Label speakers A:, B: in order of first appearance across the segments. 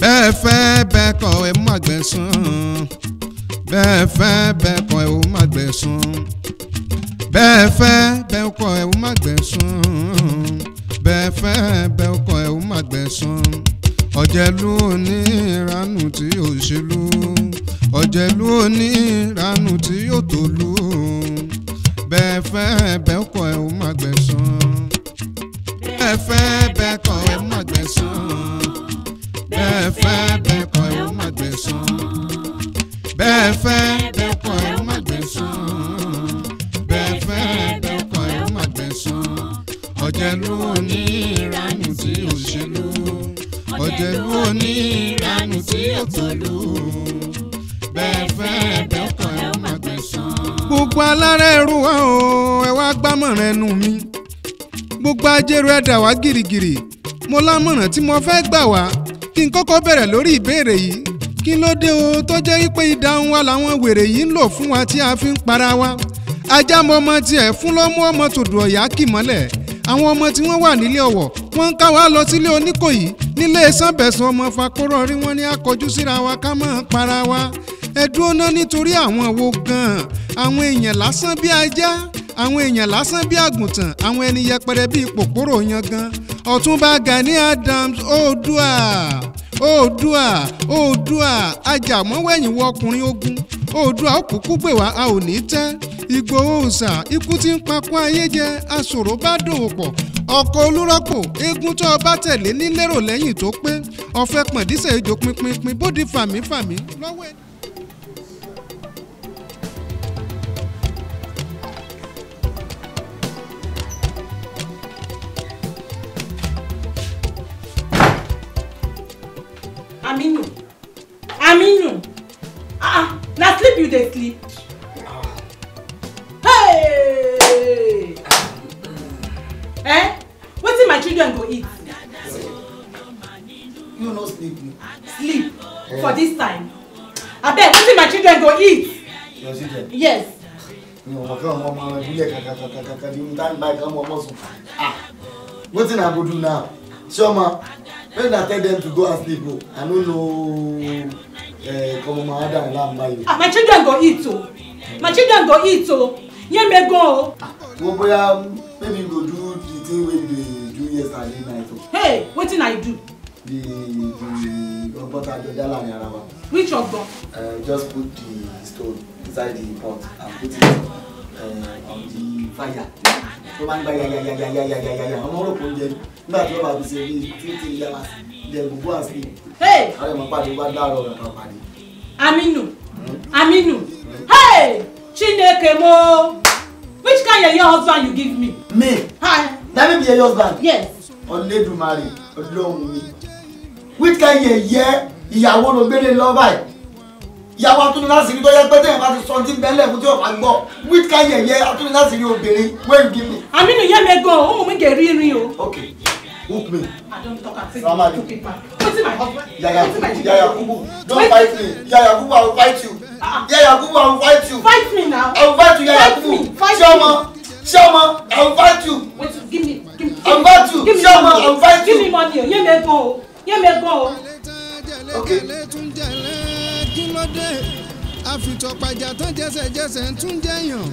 A: bẹ́ẹ̀ fẹ́ bẹ́ẹ̀ kọ̀ ẹ̀ mú àgbẹ̀ sùn bẹ́ẹ̀ fẹ́ bẹ́ẹ̀ kọ̀ ẹ̀ mú àgbẹ̀ sùn bẹ́ẹ̀ fẹ́ bẹ́ẹ̀ kọ̀ ẹ̀ mú àgbẹ̀ sùn bẹ́ẹ̀ fẹ́ bẹ́ẹ̀ kọ̀ ẹ̀ mú àgbẹ̀ sùn ọ̀jẹ̀lú oníranù tí yóò ṣèlú ọ̀jẹ̀lú oníranù tí yóò tòlú bẹ́ẹ̀ fẹ́ bẹ́ẹ̀ kọ̀ ẹ̀ mú àgbẹ̀ sùn bẹ́ẹ̀ fẹ́ bẹ́ẹ̀ kọ̀ ẹ̀ mú àgbẹ̀ sùn fẹ́ bẹ́ẹ̀kọ́ ẹ̀ ó má gbẹ̀san. bẹ́ẹ̀ fẹ́ bẹ́ẹ̀kọ́ ẹ̀ ó má gbẹ̀san. bẹ́ẹ̀ fẹ́ bẹ́ẹ̀kọ́ ẹ̀ ó má gbẹ̀san. ọ̀jẹ̀lú òní ìranù tí òṣèlú. ọ̀jẹ̀lú òní ìranù tí òtòlú. bẹ́ẹ̀ fẹ́
B: bẹ́ẹ̀kọ́ ẹ̀ ó má gbẹ̀san.
A: gbogbo alárẹ̀ ẹ̀rù wa o ẹ wá gbámọ̀ràn ẹnu mi gbogbo ajẹ́rù ẹ̀dá wa gírígírí mo lámọ̀ràn tí mo fẹ́ gbà wá kí n kọ́kọ́ bẹ̀rẹ̀ lórí ìbéèrè yìí kí ló dé o tó jẹ́ pé ìdáhùn wa làwọn wèrè yìí ń lò fún wa tí a fi ń para wa ajá mọ ọmọ tiẹ̀ fún lọ́mú ọmọ tòdù ọ̀yá kì mọ́lẹ̀ àwọn ọmọ tí wọ́n wà nílé ọ̀wọ̀ wọ́n ń ká wa lọ sílé oníkòyí nílé sànbẹ̀sán ọmọ fakọ́rọ̀ rí wọ́n ní akọjú síra wa ká máa para wa ẹ dúró ná nítorí àwọn wo gan-an àwọn èèyàn lásán bí ajá àwọn èèyàn lásán bí àgùntàn àwọn ẹni yẹpẹrẹ bí pòpòrò yangan ọ̀túnba Gani Adams oòdùà oòdùà oòdùà ajàmọ́wẹ̀yìn wọ ọkùnrin ogun oòdùà òkùnkùn gbè wá a ò ní tẹ́ Ìgbòho òòsà ikú tí ń pakú ayé jẹ aṣòro bá dòwò pọ̀ ọkọ̀ olúrọ́pọ̀ eégún tó ọba tẹ̀lé nílérò lẹ́yìn tó pé ọ̀fẹ́ pọ̀ndísẹ̀ ejò pinpin bóde fàmífàmí lọ́wọ́ ẹni.
C: aminu aminu ah na sleep you dey sleep. Ah. Hey! Eh? Wetin my children go eat? You no sleep.
D: Sleep yeah. for this
C: time. Abeg, wetin my children go
D: eat? Your children? Yes. Ah! Wetin I go do now? Show Chioma, when i tell them to go and sleep i no know eh, komo ma ada and lamb mayo. ah
C: my children go eat o oh.
D: my children go eat o oh. yẹmẹ gan o. Oh. Ah, wo bóyá maybe you go do the thing wey you dey do yesterday night o.
C: hey wetin i do.
D: the the ọgbọ́n tá a jọ dá láàrin ara wa. which ọgbọ́n. Uh, just put the stone inside the pot and put it ọ̀dì fàyà tó máa ń gba yàyàyàyàyàyà
C: Aminu Aminu hey Chineke mo which kind yeye husband you give me.
D: me that may be yeye husband. yes. Olódùmarè Ọlọ́run mi which kind yeye ìyàwó ló gbélé lọ́ọ́ báyìí ìyàwó atúnilásìrí tó yẹ pé téèyàn bá ti sọ ti bẹ́lẹ̀ fún tí o bá gbọ́ wíkà yẹ̀yẹ atúnilásìrí obìnrin wẹ́ẹ̀ gí mi. àmínú yẹ mi gan ohun mi gẹ̀ rí rin o. ok hook me. i don talk am say you too paper. yaya kubu yaya kubu don fight me yaya kubu i will fight you. Ah. yaya kubu i will fight you. fight me now. i will fight you yaya kubu. ṣọmọ ṣọmọ i will fight
C: you. wait give me give me. i will fight you ṣọmọ i will fight you. give me money o yẹ mi gan o yẹ mi gan
A: o. okay. kí ló dé àfìtọ̀pàjà tán jẹsẹ̀jẹsẹ̀ ń tún jẹ́yàn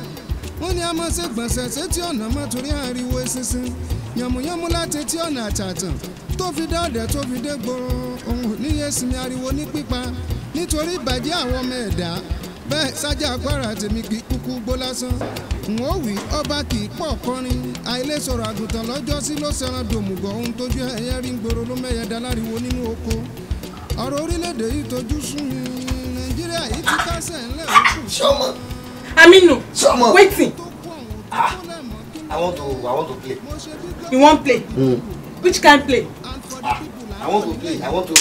A: wọ́n ní a máa ṣe gbọ̀nsẹ̀ tí ọ̀nà mọ́ torí ariwo sísin yànmùyánmú láti tí ọ̀nà àtàtàn tó fi dá ọ̀dẹ̀ tó fi dé gbòòrò níye sinmi ariwo ní pípa nítorí ìbàjẹ́ àwọn ọmọ ẹ̀dá bẹ́ẹ̀ sájà tèmi kì í ọba kì í kọrin àìlèsọ̀rọ̀ àgùntàn lọ́jọ́ sí ló dòmùgọ̀ ohun tójú ló nínú oko ọ̀rọ̀ orílẹ̀-èdè yìí Sọmọ.
C: Aminu. Sọmọ. Wetin.
A: Ah,
D: I want to, I want to play. You wan play? Mm.
C: Which kind play?
D: Ah, I want to play. I want to.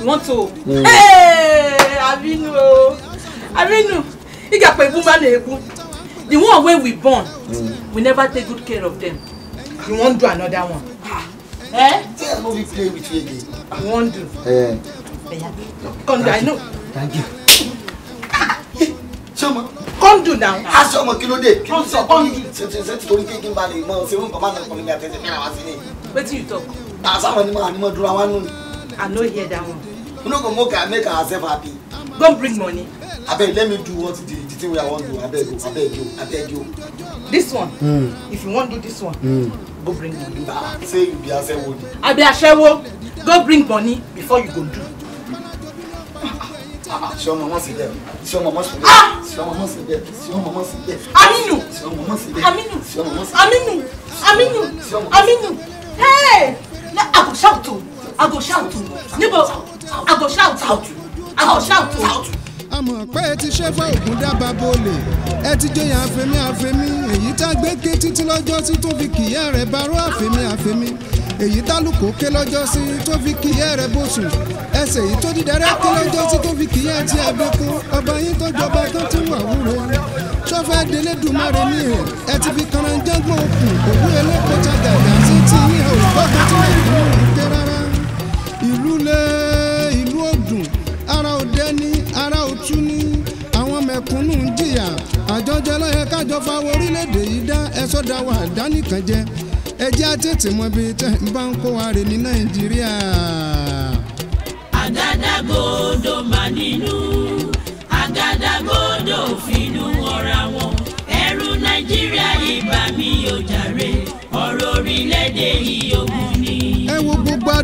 C: You want to? Mm. Hey,
D: Aminu.
C: Aminu, you got pay woman egun. The one wey we born,
D: mm.
C: we never take good care of them. You wan do another one. Ah. Eh?
D: Yeah, I no be play with you again. I wan do? Eh. Yeah. Come, I know thank you. sọmọ. kọ́ńdù náà. a sọmọ kí ló dé. kí ló sọ kọ́ńdù. ṣètò ìṣètò torí kéèké ń balẹ̀ mọ́ ṣé wọn bàbá náà kọ́ni mi àtẹ̀sẹ̀ mìíràn wá sí ni. wetin you talk. àṣàwọn ni mo àní mo dúró àwọn nù. i no hear that one. you no go make her make herself happy. go bring money. abeg let me do what the the thing wey i wan do abeg o abeg o abeg o. this
E: one. Mm. if you wan
D: do this one. Mm. go bring money. na ah, say you be asewo.
C: i be asewo go bring
D: money before you go do ṣé ọmọ wọn sì bẹ ṣé ọmọ wọn sì bẹ ṣé ọmọ wọn sì bẹ ṣé ọmọ wọn sì bẹ. aminu aminu aminu
C: aminu aminu hey i go shout o i go shout o níbo i go shout out. i go shout out
A: a mọ̀ pé ẹ ti ṣẹ́fà ògùn dábàá bọ́ọ̀lì ẹ ti jọyà àfẹ́mí àfẹ́mí èyí tá gbé ké títí lọ́jọ́ sí tó fi kìyẹ́ rẹ̀ barú àfẹ́mí àfẹ́mí èyí tálùkò ké lọ́jọ́ sí tó fi kìyẹ́ rẹ̀ bóṣù ẹsẹ̀ èyí tó dídẹ́rẹ́ ké lọ́jọ́ sí tó fi kìyẹ́ ti àgbẹ̀kọ́ ọba yín tó jọba tó tún wà wúro sọ́fẹ́ délé dùmarè ní ẹ̀ ẹ ti fi kànáńjẹ́gbọ̀n ara òde ara òtú ni àwọn mekunu ń jìyà àjọjọ lọ́yẹ kájọ orílẹ̀ da wà dánìkan jẹ ẹ àtẹ̀tẹ̀ mọ́ bí ń bá ń kó wa rè ní nàìjíríà.
B: mà nínú nàìjíríà ibà mi jàre ọ̀rọ̀ orílẹ̀-èdè yìí
A: ni. ẹ gbogbo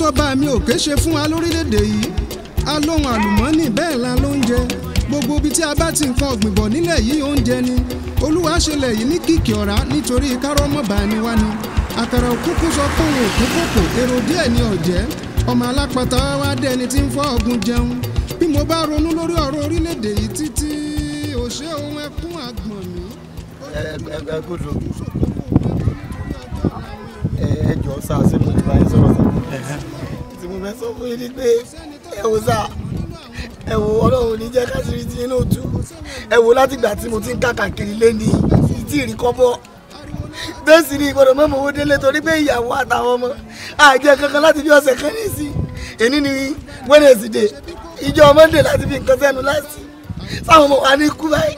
A: tó bá mi ṣe fún wa lórílẹ̀-èdè yìí alóhun àlùmọ́nì bẹ́ẹ̀ la ló ń jẹ gbogbo ibi tí a bá ti nǹkan ọ̀gbìn bọ̀ nílẹ̀ yìí oúnjẹ ni olúwa ṣẹlẹ̀ yìí ní kìkì ọ̀rá nítorí kárọ́mọ̀bà ni ni àkàrà òkúkú sọ fún òun òkúkòkò èrò díẹ̀ ní ọ̀jẹ́ ọmọ alápatà wá dẹni tí ń fọ́ ọ̀gùn jẹun bí mo bá ronú lórí ọ̀rọ̀ orílẹ̀-èdè yìí títí
D: òṣè ohun ẹkún àgbọ̀n mi. ẹ ẹ gbọdọ ẹ jọ sáà sí mo ti bá yín sọ̀rọ̀ sí ẹ wò sá ẹ wò ọlọ́run ní jẹ́ káṣírí tí inú tú ẹ wò látìgbà tí mo ti ń kàkàkiri lé ní ìtì ìrí kọ́bọ̀ bẹ́ẹ̀ sì ni ìgbọ́dọ̀ mọ́ mọ́wó délé torí pé ìyàwó àtàwọn ọmọ àjẹ kankan láti bí ọ̀sẹ̀ kan ní sí èní ni Wednesday ìjọ mọ́ndé láti fi nǹkan sẹ́nu láti sáwọn ọmọ wa ní kú báyìí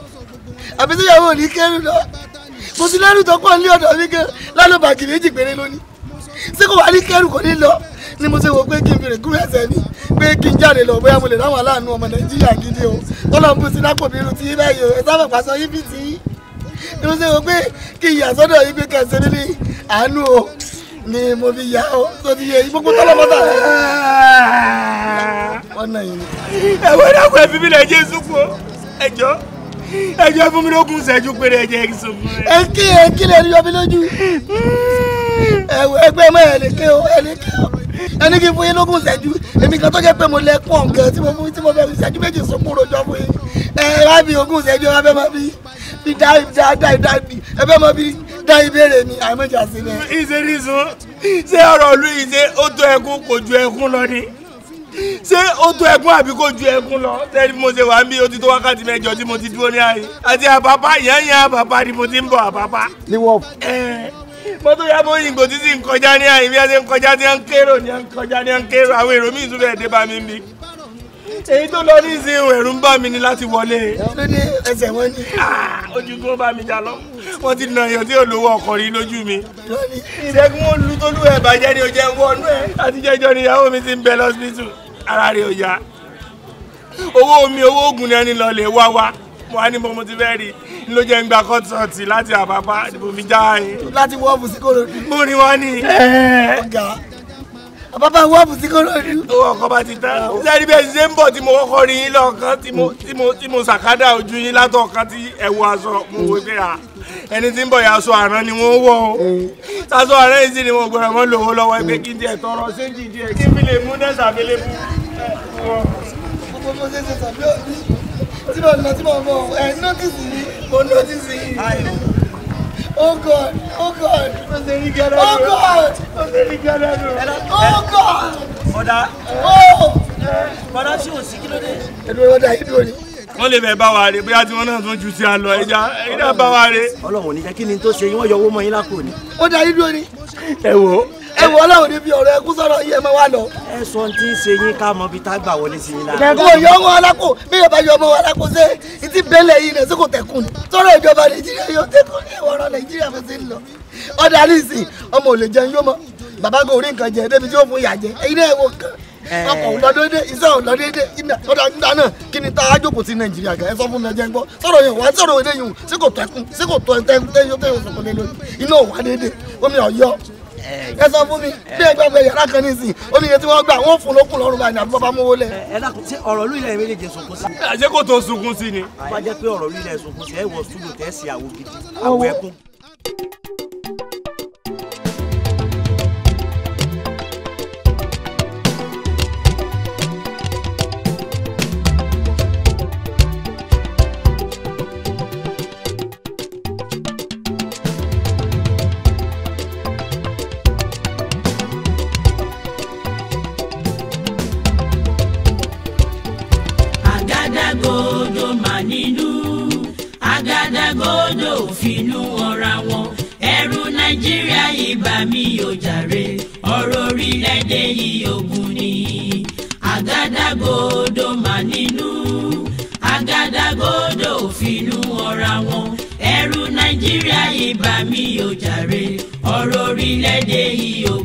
D: àbí tíyàwó ò ní kẹ́rù lọ mo ti lẹ́rù tó pọ̀ ní ọ̀dọ̀ mi gan lálọ́ bàgì méjì péré lónìí sí kò wá ní kẹ́rù kò ní lọ ni mo ṣe wò pé kí n fi rè kúrò ẹsẹ̀ mi pé kí n jáde lọ bóyá mo lè ráwọn aláàánú ọmọ nàìjíríà gidi o tọ́lọ́mù bó ti lápò mi ti yín báyìí o ẹ sábà pàṣọ yín bí ti yín irú sí o pé kí n sọ́dọ̀ yín pé kẹsẹ̀ níbi àánú o ni mo fi yà ó tó ti yẹ gbogbo tọ́lọ́mù tà sí. ọ̀nà yìí ni. ẹ̀wọ̀n náà kò ẹ̀fí mi lẹ̀ jẹ́ ẹ̀jọ́ ẹ̀jọ́ fún mi lókun ṣẹ́jú péré ẹ̀jẹ̀ ẹ̀kí ẹ̀kí lè rí ẹni kí n fún yín lógún ìṣẹ́jú èmi kan tó jẹ́ pé mo lẹ pọ̀ nǹkan tí mo mú tí mo fẹ́ ìṣẹ́jú méjì sunkún rojọ́ fún yín ẹ wá bí ogún ìṣẹ́jú ẹ fẹ́ máa fi fi dá ìdá dá ìdá ìbí ẹ fẹ́ máa fi dá ìbéèrè mi àìmọ̀jà sílẹ̀. ìṣe nìṣun ṣé ọ̀rọ̀ ìlú yìí ó tó ẹkún kò ju ẹkún
F: lọ ni ṣé ó tó ẹkún àbí kò ju ẹkún lọ tẹ́lẹ̀ bí mo ṣe wà ń bí ó ti tó wákàtí mẹ́jọ tí mo ti dúró ní àyè àti àbábá yẹn yẹn àbábá ni mo ti ń bọ̀ àbábá. ní wọ́ọ̀fù mọ́tò yàgò òyìnbó títí ń kọjá ní àyè bí a ṣe ń kọjá ní à ń kérò ní à ń kọjá ní à ń kérò àwọn èrò míì tún fẹ́ẹ́ dé bá mi bí èyí tó lọ ní ìsìn ẹ̀rù ń bà mí ni láti wọlé. lóde ẹsẹ̀ wọn ni. Ah, ojú tó bá mi jà lọ wọn ti nà yàn tí olówó ọkọ rí lójú mi. ìṣègùn olú tólú ẹ̀ bàjẹ́ ni òjẹ́ wọnú ẹ̀ àtijọ́ ìjọ níyàwó mi ti ń bẹ lọ́sibítù ara rẹ̀ ò yá. owó mi owó oògùn ni ẹni lọ lè wá wá mo á mo mo ti fẹ́ rí i ló jẹ́ ń gba kọ́tọ̀ọ̀tì láti àbábá ìdìbò mi já yín. láti wọ́ọ̀bù sí kòròdú. mo ní wọ́n ní. ọ̀gá àbábá wọ́ọ̀bù sí kòròdú. owó ọkọ bá ti tán. sẹ́ni bẹ́ẹ̀ ṣe ń bọ̀ tí mo kọ́kọ́ rí yín lọ́ọ̀kan tí mo ṣàkádà ojú yín látọ̀ọ̀kan tí ẹ wọ aṣọ mo wò pé à ẹni tí ń bọ̀ yà aṣọ àrán ni wọ́n wọ̀ o aṣọ àrán yìí sì ni mo gbọ́dọ̀ mọ́ lówó lọ́wọ́ ẹgbẹ́ kí n tiẹ̀ tọrọ séjì díẹ̀ kí n fi lè mú
D: dẹ́sà mi lé fún tí lọ tí bọ̀ ẹ nọ́tìsì mi mo nọ́tìsì yìí. Oh God, oh God, oh God, oh God, oh God. Bọ̀dá.
F: Oh. Bọ̀dá ṣé o sí kí ló dé? Ẹnu yìí dúró wọ́n lè bẹ̀ bá wa rè bóyá tí wọ́n náà tún ju ti àlọ́ ẹja ẹ̀yìn bá wa rè. Ọlọ́run ò ní jẹ́ kí ni tó ṣe yín wọ́n yọ owó mọ́ yín lápò
D: ni. ó dá yín dúró ni. ẹ wo ẹ wọ ọlọ́run níbi ọ̀rọ̀ ẹkú sọ̀rọ̀ yìí ẹ máa wà lọ. ẹ sọ ti ń ṣe yín ká mọ ibi tá a gbà wọlé sí yín lára. kò yọ ọmọ alákò bí yóò bá yọ ọmọ alákò ṣe ìtì bẹ́lẹ̀ yìí rẹ̀ sí kò tẹ̀kùn ni. sọ̀rọ̀ ìjọba nàìjíríà yóò tẹ̀kùn ní ìwọ̀rọ̀ nàìjíríà fẹ́ sí lọ. ọ̀dà àlìsí ọmọ ò lè jẹun yóò mọ bàbá kò iṣẹ́ ò lọ ọ̀dà nígbà náà kí ni tá a jókòó sí nàìjíríà gan ẹ sọ fún mi ẹ ń gbọ́ sọ̀rọ̀ yẹn wá sọ̀rọ̀ èdè yìí sí kò tẹ̀kùn sí kò tẹ́yọ́ tẹ́yọ́ sọ̀kọ́ lé lórí iná ò wá déédé omi ọ̀yọ́ ẹ sọ fún mi bí ẹ gbàgbé yàrá kan nísìn oníye tí wọ́n gbà wọ́n fún lókun lọ́rùn báyìí àbí bàbá mówó lẹ. ẹ dákun ṣe ọ̀rọ̀ lóyún ẹ̀ méjèèjì sunkún sí.
F: àṣé kò tó sunkún sí ni.
D: wọ́n jẹ́ pé ọ̀rọ̀ lóyún ẹ̀ sunkún sí ẹ̀ wọ sùúrù tẹ́ sí àwo gidi àwo ẹkún.
B: lórílẹ̀‐èdè yìí ogun ni àgádágodo mà nínú àgádágodo òfinú ọ̀ra wọn ẹrú nàìjíríà ìbà mi ò jàre ọ̀rọ̀ orílẹ̀‐èdè yìí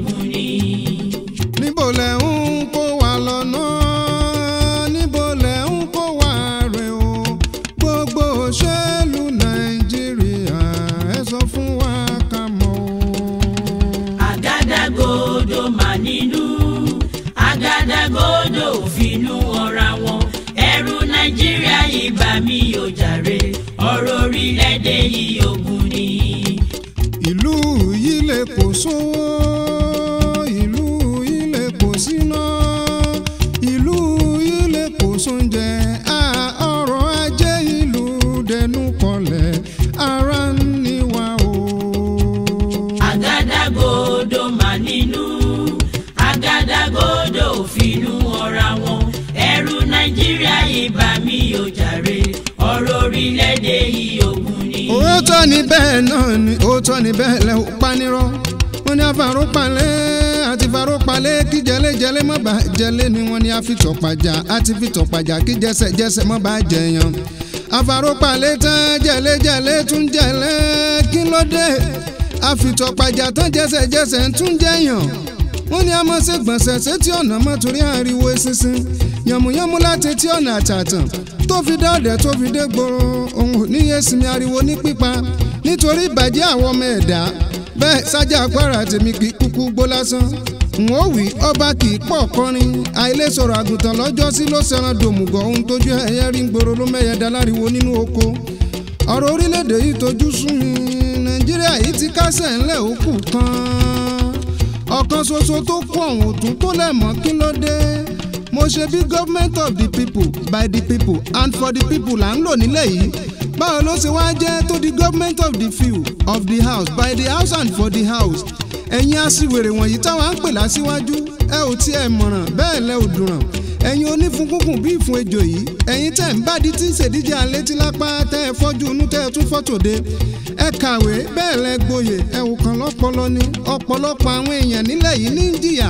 B: orílẹ̀-èdè yìí ogun ni. ìlú
A: yìí lè kó sówó. ní bẹ́ẹ̀ náà ni òótọ́ ní bẹ́ẹ̀ lẹ́ ò panirọ́ wọ́n ní àfàrúpalẹ̀ àti farúpalẹ̀ kí jẹlẹ́jẹlẹ́ má bàa jẹlẹ́ ni wọ́n ní àfitọ̀pàjà àti fitọ̀pàjà kí jẹsẹ̀jẹsẹ̀ má bàa jẹyàn àfàrúpalẹ̀ tán jẹlẹ́jẹlẹ́ tún jẹlẹ́ kí ló dé àfitọ̀pàjà tán jẹsẹ̀jẹsẹ̀ tún jẹyàn wọ́n ní a máa ṣe gbọ̀nsẹ̀ sétí ọ̀nà mọ́ torí ariwo eṣinṣin yànmùyánmú láti tí ọ̀nà àtàtàn tó fi dá ọ̀dẹ̀ tó fi dé gbòòrò òun ò níye sinmi ariwo ní pípa nítorí ìbàjẹ́ àwọn ọmọ ẹ̀dá bẹ́ẹ̀ sájà àpárá tèmi kì í kúkú gbó lásán n ó wí ọba kì í pọ̀ kọrin àìlè àgùntàn lọ́jọ́ ló ṣẹran dòmùgọ̀ ohun tójú ẹ̀yẹ rí gbòòrò ló mẹ́yẹ dá nínú oko ọ̀rọ̀ orílẹ̀-èdè yìí tójú sún mi nàìjíríà yìí ti kásẹ̀ ńlẹ̀ òkú kan ọ̀kan ṣoṣo tó kú ọ̀hún tún tó lẹ̀ mọ́ kí ló dé mo ṣe bí government of the people by the people and for the people là ń lò nílẹ̀ yìí báwo ló ṣe wá jẹ́ tó di government of the few of the house by the house and for the house ẹ̀yin aṣiwèrè wọ̀nyí táwa ń pè láṣíwájú ẹ ò tiẹ̀ mọ̀ràn bẹ́ẹ̀ lẹ́ ò dùnràn ẹ̀yin onífunkúnkùn bí ìfun ejò yìí ẹ̀yin tẹ̀ ń di tí ń ṣèdíje àlétí lápá tẹ́ ẹ fọ́jú inú tẹ́ ẹ tún fọ́tòde ẹ kàwé bẹ́ẹ̀ lẹ gboyè ẹ ò kàn lọ́pọlọ ni ọ̀pọ̀lọpọ̀ àwọn èèyàn nílẹ̀ yìí ní ń jìyà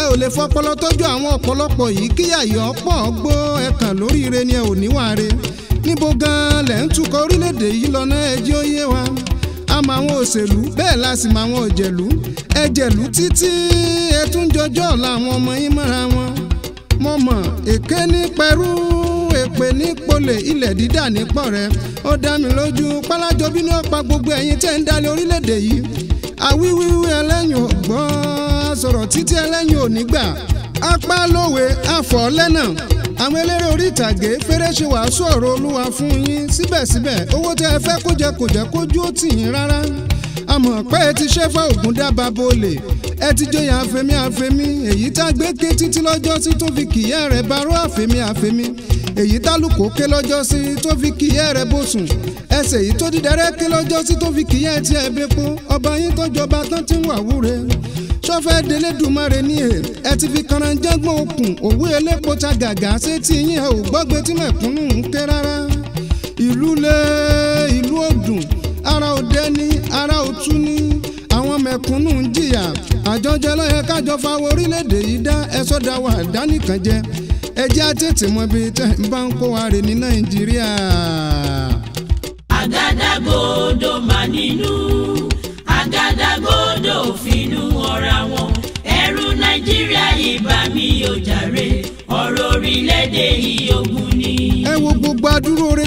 A: ẹ ò lè fọpọlọ tọ́jú àwọn ọ̀pọ̀lọpọ̀ yìí kíyà yọ pọ̀ gbó ẹ kàn lóríire ni ẹ ò níwàre níbo gan-an lẹ̀ ń tukọ̀ orílẹ̀-èdè yìí lọ náà ẹ jẹ́ ó yé wa a mọ àwọn òṣèlú bẹ́ẹ̀ la sì mọ àwọn òjẹ̀lú ẹ̀jẹ̀lú títí ẹ tún jọjọ́ ọ̀la ọmọ yín mọ́ra wọn mo mọ̀ èké ní pẹ̀rú èpè ní polè ilẹ̀ dídà ní pọ̀rẹ́ ó dá mi lójú pálájọ bínú ọ̀pá gbogbo ẹ̀yin tẹ́ ń dalẹ̀ orílẹ̀-èdè yìí àwíwíwí ẹlẹ́yin ògbọ́n sọ̀rọ̀ títí ẹlẹ́yin òní gbà apá lówe afọ̀ lẹ́nà àwọn eléré orí ìtàgé fèrè ṣe wàásù ọ̀rọ̀ olúwa fún yín síbẹ̀síbẹ̀ owó tẹ́ ẹ fẹ́ kó jẹ kò jẹ́ kójú ó tì yín rárá àmọ́ pé ẹ ti ṣẹ́fà ògùn dábàá bolè ẹ ti jọyà àfẹ́mí àfẹ́mí èyí tá gbé ké títí lọ́jọ́ sí tó fi kìyẹ́ rẹ̀ barọ́ àfẹ́mí àfẹ́mí èyí tálùkò ké lọ́jọ́ sí tó fi kìyẹ́ rẹ̀ bòsùn ẹsẹ̀ èyí tó dídẹ́rẹ́ ké lọ́jọ́ sí tó fi kìyẹ́ ti ẹ̀ bẹ́pọ̀ ọba yín tó jọba tán ti ń wà wúre sọfẹ delédùmarè ní ẹ ẹ ti fi kànáńjàngbọ̀n okùn òwú elépo gàgà ṣé tí yín ẹ ò gbọ́gbé tí mẹ̀kúnnù ń ké rárá ìlú lé ìlú òdùn ara òde ni ara òtún ni àwọn mẹ̀kúnnù ń jìyà àjọjẹ lọ́yẹ kájọ fa orílẹ̀-èdè yìí dá ẹ̀sọ́ da wà dánìkan jẹ ẹjẹ́ àtẹ̀tẹ̀ mọ́ bí ń bá ń kó rè ní nàìjíríà.
B: nínú àgádágodo òfinú ọ̀ra wọn nàìjíríà mi jàre ọ̀rọ̀ orílẹ̀-èdè yìí
A: ni. gbogbo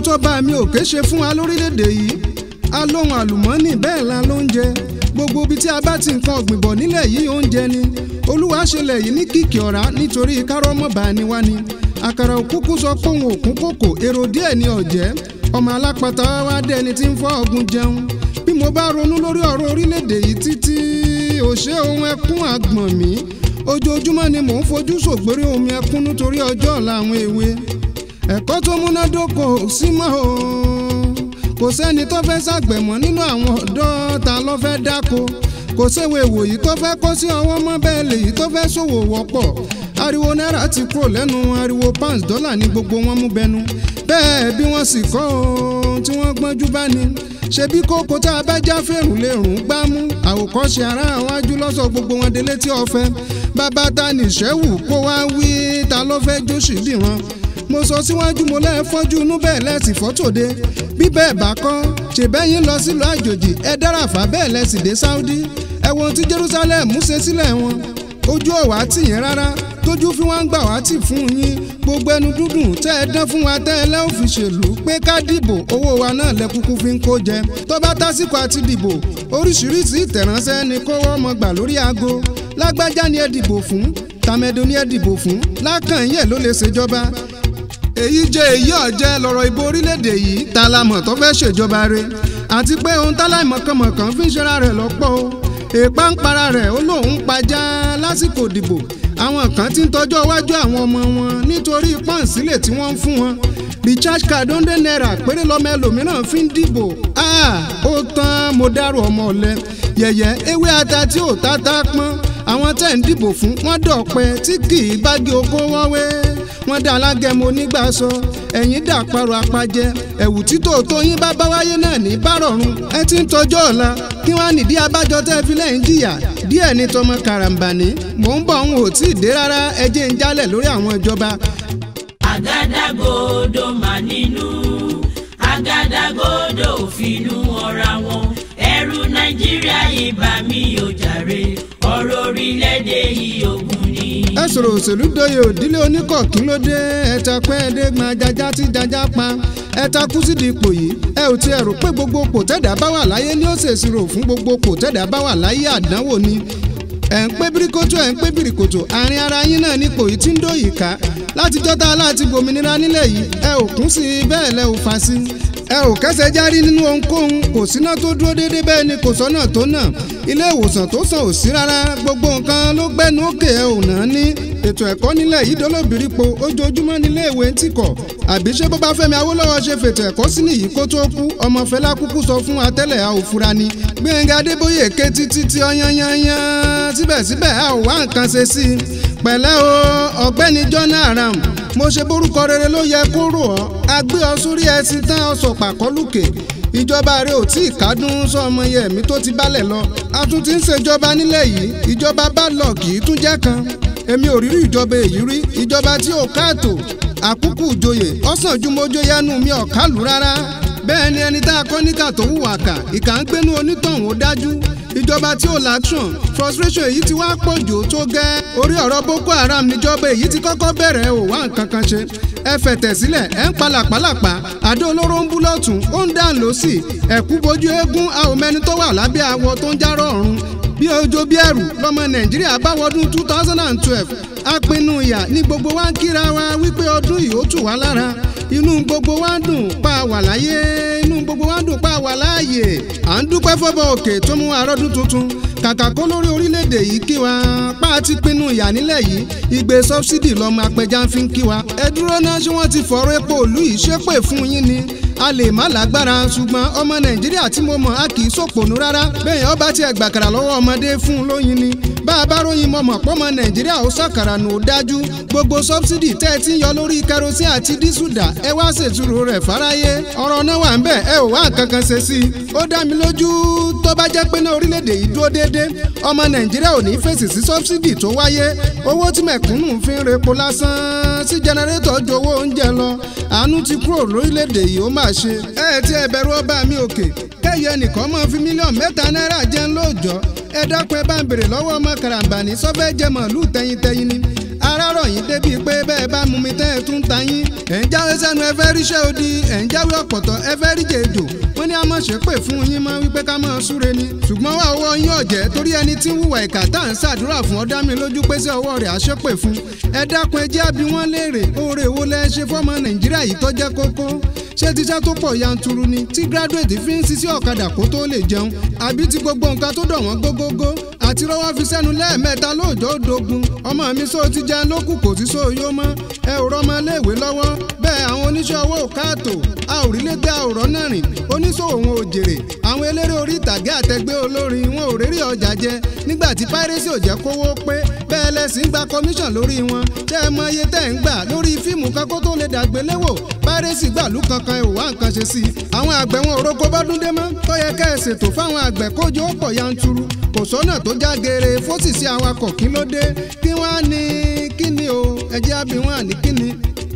A: tó bá mi ṣe fún wa lórílẹ̀-èdè yìí alóhun àlùmọ́nì bẹ́ẹ̀ la ló ń jẹ gbogbo ibi tí a bá ti nǹkan ọ̀gbìn bọ̀ nílẹ̀ yìí oúnjẹ ni olúwa ṣẹlẹ̀ yìí ní kìkì ọ̀rá nítorí kárọ́mọ̀bá ni wá ni àkàrà òkúkú sọ fóun òkún kòkò èrò díẹ̀ ní ọ̀jẹ́ ọmọ alápatà wá dẹni tí ń fọ́ ọ̀gùn jẹun bí mo bá ronú lórí ọ̀rọ̀ orílẹ̀-èdè yìí títí òṣè ohun ẹkún àgbọ̀n mi ojoojúmọ́ ni mò ń fojú sògbórí omi ẹkún nítorí ọjọ́ ọ̀la àwọn èwe ẹ̀kọ́ tó múnádóko sí mọ́ o kò sẹ́ni tó fẹ́ ṣàgbẹ̀mọ́ nínú àwọn ọ̀dọ́ ta ló fẹ́ dáko kò séwo èwò yìí tó fẹ́ kó sí ọwọ́ mọ́ bẹ́ẹ̀ lèyí tó fẹ́ ṣòwò wọ́pọ̀ ariwo náírà ti kúrò lẹ́nu ariwo pounds dọ́là ní gbogbo wọn mú bẹnu bẹ́ẹ̀ bí wọ́n sì kọ́ ohun tí wọ́n gbọ́njú bá ní ṣebí kókó tá a bá já fèrún lè rún gbámú àwòkọ́ṣe ara àwájú lọ́sọ̀ gbogbo wọn délé tí ọ̀fẹ́ bàbá ta nìṣẹ́wù kó wá wí ta ló fẹ́ jóṣì dìran mo sọ síwájú mo lẹ́ẹ̀fọ́jú inú bẹ́ẹ̀ lẹ́sì fọ́tòde bí bẹ́ẹ̀ bá kọ́ ṣèbẹ́yìn lọ sílùú àjòjì ẹ dára fà bẹ́ẹ̀ lẹ́sì dé Saudi ẹ̀wọ̀n tí Jerusalem ṣe sílẹ̀ wọn ojú ọ̀wá tì yẹn rárá tójú fi wá ń gbà wá tì fún yín gbogbo ẹnu dúdùn tẹ́ ẹ dán fún wa tẹ́ ẹ lẹ́wọ̀n fi ṣèlú pé ká dìbò owó wa náà lẹ kúkú fi ń kó jẹ tó bá tásìkò àti dìbò oríṣiríṣi ìtẹ̀ránṣẹ́ ni kó wọ́n gbà lórí aago lágbájá ni ẹ dìbò fún tàmẹ́dọ́ ni ẹ dìbò fún lákàn yẹ̀ ló lè ṣèjọba èyí jẹ́ èyí ọ̀jẹ́ lọ́rọ̀ ìbò orílẹ̀-èdè yìí ta la mọ̀ tó fẹ́ ṣèjọba rẹ̀ àti pé ohun táláìmọ̀kànmọ̀kàn fi ń ṣera rẹ̀ lọ́pọ̀ o èèpá ń para rẹ̀ ó lóun pajá lásìkò ìdìbò àwọn kan ti ń tọ́jú iwájú àwọn ọmọ wọn nítorí pọ́ǹsílẹ̀ tí wọ́n ń fún wọn recharge card hundred naira péré lọ́mọ ẹlòmíràn fi ń dìbò ó tán mo dárò ọmọ ọ̀lẹ yẹ̀yẹ́ ewé ata tí ò tá tá pọ́n àwọn tẹ̀ ń dìbò fún wọn dọ̀pẹ́ tí kì í bá okó wọ́wé wọ́n dá alágẹmọ onígbà sọ ẹ̀yìn dà parọ́ apajẹ ẹ̀wù títò tó yín bá bá wáyé náà ní bárọ̀run ẹ ti ń tọjọ́ ọ̀la kí wọ́n á nìdí abájọ tẹ́ fi lẹ́yìn jìyà díẹ̀ ní tọmọ karambani mò ń bọ̀ ń ò tí ì dé rárá ẹ ń jálẹ̀
B: lórí àwọn ìjọba. àgádágodo mà nínú àgádágodo òfinú ọ̀ra wọn ẹrú nàìjíríà ìbà mi ò jàre ọ̀rọ̀ orílẹ̀-èdè yìí ògùn
A: ìṣòro òṣèlú dòye òdílé oníkọ̀kín ló dé ẹ̀ta pẹ́ ẹ̀ẹ́dẹ́gbọ̀n ajájá tí jájá pa ẹ̀ta kú sídìí ipò yìí ẹ ò tiẹ̀ rò pé gbogbo pò tẹ́dà bá wà láyé ni ó ṣèṣirò fún gbogbo pò tẹ́dà bá wà láyé àdánwò ni ẹ̀ ń pé bíríkótó ẹ̀ ń pé bíríkótó àárín ara yín náà nípò yìí tí ń dòyìí ká látijọ́ tá nílẹ̀ yìí ẹ ò kún sí bẹ́ẹ̀ lẹ ò fa sí ẹ ò kẹsẹ̀ járí nínú ohunkóhun kò síná tó dúró déédéé bẹ́ẹ̀ ni kò sọ́nà tó nà ilé ìwòsàn tó sàn ò sí rárá gbogbo nǹkan ló gbẹ́nu òkè ẹ ò nà ní ètò ẹ̀kọ́ nílẹ̀ yìí dọ́lọ́bìrì po ojoojúmọ́ nílé ìwé ń tìkọ̀ àbí ṣé bó bá fẹ́mi awólọ́wọ́ ṣe fètò ẹ̀kọ́ sí nìyí kó tó kú ọmọ fẹlá kúkú sọ fún wa a ò fura ni gbẹ̀ngà adébóyè ké títí tí ọyányányán síbẹ̀síbẹ̀ a ò wá nǹkan ṣe sí i pẹ̀lẹ́ o ọ̀gbẹ́ni John Aram mo ṣe borúkọ rere ló yẹ kó rò ọ́ a gbé ọ sórí ẹṣin tán ọ sọ pàkọ́lùkè ìjọba rẹ ò tí ì kádùn sọmọ yẹmí tó ti balẹ̀ lọ a tún ti ń ṣèjọba nílẹ̀ yìí ìjọba bá lọ kì í tún jẹ́ kan èmi ò rírí ìjọba èyí rí ìjọba tí ò káàtó àkúkú ìjòyè ọ̀sán ju mojó yánu mi ọ̀kálù rárá bẹ́ẹ̀ ni ẹni tá a kọ́ níkà tó hùwà kà ìkà ń gbénú onítọ̀hún ó dájú ìjọba tí ò látún frustration èyí ti wá pọ̀ jù tó gẹ́ orí ọ̀rọ̀ Boko Haram níjọba èyí ti kọ́kọ́ bẹ̀rẹ̀ ò wá nǹkan kan ṣe ẹ fẹ̀tẹ̀ sílẹ̀ ẹ ń palàpalàpà àdó olóró ń bú lọ́tún ó ń dàn lọ́sì ẹ̀kú bojú eégún a ò mẹ́ni tó wà lábẹ́ awọ tó ń járọ̀ ọ̀run bí ojo bí ẹrù lọ́mọ Nàìjíríà báwọdún two thousand and twelve a pinnu ìyà ní gbogbo wa ń kíra wa wípé ọdún yìí tù wá lára inú gbogbo wa dùn pa wà láyé inú gbogbo wa dùn pa wà láàyè à ń dúpẹ́ fọ́bọ̀ òkè tó mú àrọ́dún tuntun kàkà kó lórí orílẹ̀-èdè yìí kí wa pa á ti pinnu ìyà nílẹ̀ yìí ìgbé sọ́bsidì lọ́mọ apẹja ń fi ń kí wa. ẹ dúró náà ṣé wọ́n ti fọ̀rọ̀ epo òlú yìí ṣépè fún yín ni a lè má lágbára ṣùgbọ́n ọmọ nàìjíríà tí mo mọ̀ a kì í ṣòpònú rárá bẹ́ẹ̀ ọba ti ẹgbàkàrà lọ́wọ́ ọmọdé fún un lóyin ni bá a bá ròyìn mo mọ̀ pọ́mọ nàìjíríà ó sọ̀kàrà nù ó dájú gbogbo sọ́bsidì tẹ́ ẹ ti ń yọ lórí kẹrosí àti dísùdà ẹ wá ṣètùrù rẹ̀ fáráyé ọ̀rọ̀ náà wà ń bẹ̀ ẹ ò wá nǹkan ṣe sí i ó dá mi lójú tó bá jẹ́ pé ní orílẹ̀-èdè yìí dúró dééd dé ọmọ nàìjíríà ò ní fèsì sí sọ́bsidì tó wáyé owó tí mẹ̀kúnnù fi ń repo lásán sí jẹnẹrétọ̀ ju owó oúnjẹ lọ àánú ti kúrò lórílẹ̀ yìí ó máa ṣe ẹ ti ẹ ọba mi òkè kẹ́yọ ẹnìkan mọ́ fi mílíọ̀nù mẹ́ta náírà jẹun lóòjọ́ ẹ dákun ẹ bá ń bèrè lọ́wọ́ ọmọ karambani sọ́fẹ́ jẹ màálù tẹyintẹyin ni arárọ̀ yìí débi pé bẹ́ẹ̀ bá mumi tẹ́ ẹ tún ta yín ẹ̀ ń jáwé sẹ́nu ẹ fẹ́ ríṣẹ́ odi ẹ̀ ń jáwé ọ̀pọ̀tọ̀ ẹ fẹ́ ríje èdò wọ́n ní a máa ṣe pè fún yín mọ́ wípé ká máa súre ni ṣùgbọ́n wà ọwọ́ yín ọ̀jẹ́ torí ẹni tí ń hùwà ìkà tá à ń ṣàdúrà fún ọ dá mi lójú pé sí ọwọ́ rẹ̀ àṣepè fún ẹ dákun ẹ jẹ́ àbí wọ́n léèrè oore wo lẹ ṣe fọ́mọ Nàìjíríà yìí tó jẹ́ kókó ṣé tíṣà tó pọ̀ yanturu ni tí gírádùétì fi ń ṣiṣẹ́ ọ̀kadà kó tó lè jẹun àbí ti gbogbo nǹkan tó dọ̀ wọ́n gógógó àti rọ́wọ́ fi sẹ́nu lẹ́ẹ̀mẹ́ta lóòjọ́ òdogun ọmọ mi sóò ti jẹ́ ẹran lókù kò sí sóyó mọ́ ẹ ò rọmọ iléèwé lọ́wọ́ bẹ́ẹ̀ àwọn oníṣẹ́ ọwọ́ káàtó a ò rí létí a rìn oníṣòwò wọn ò jèrè àwọn eléré orí ìtàgé àtẹgbẹ́ olórin wọn ò rérè ọjà jẹ nígbà tí pírẹ́sì ò jẹ́ kówó pé bẹ́ẹ̀ lẹ́sìn gba kọmíṣàn lórí wọn tẹ́ ẹ mọ iye tẹ́ ń gbà lórí fíìmù kan kó tó lè dàgbéléwò pírẹ́sì gbàlú kankan ẹ̀ ò nǹkan ṣe sí i àwọn àgbẹ̀ wọn ò roko bọ́dúndé mọ́ tó yẹ ká ẹ̀ ṣètò fáwọn àgbẹ̀ kójú ó pọ̀ yanturu kò sọ́nà tó já geere fósìsì awakọ̀ kí kí wọ́n á ní kíni o ẹjẹ́ àbí àní kíni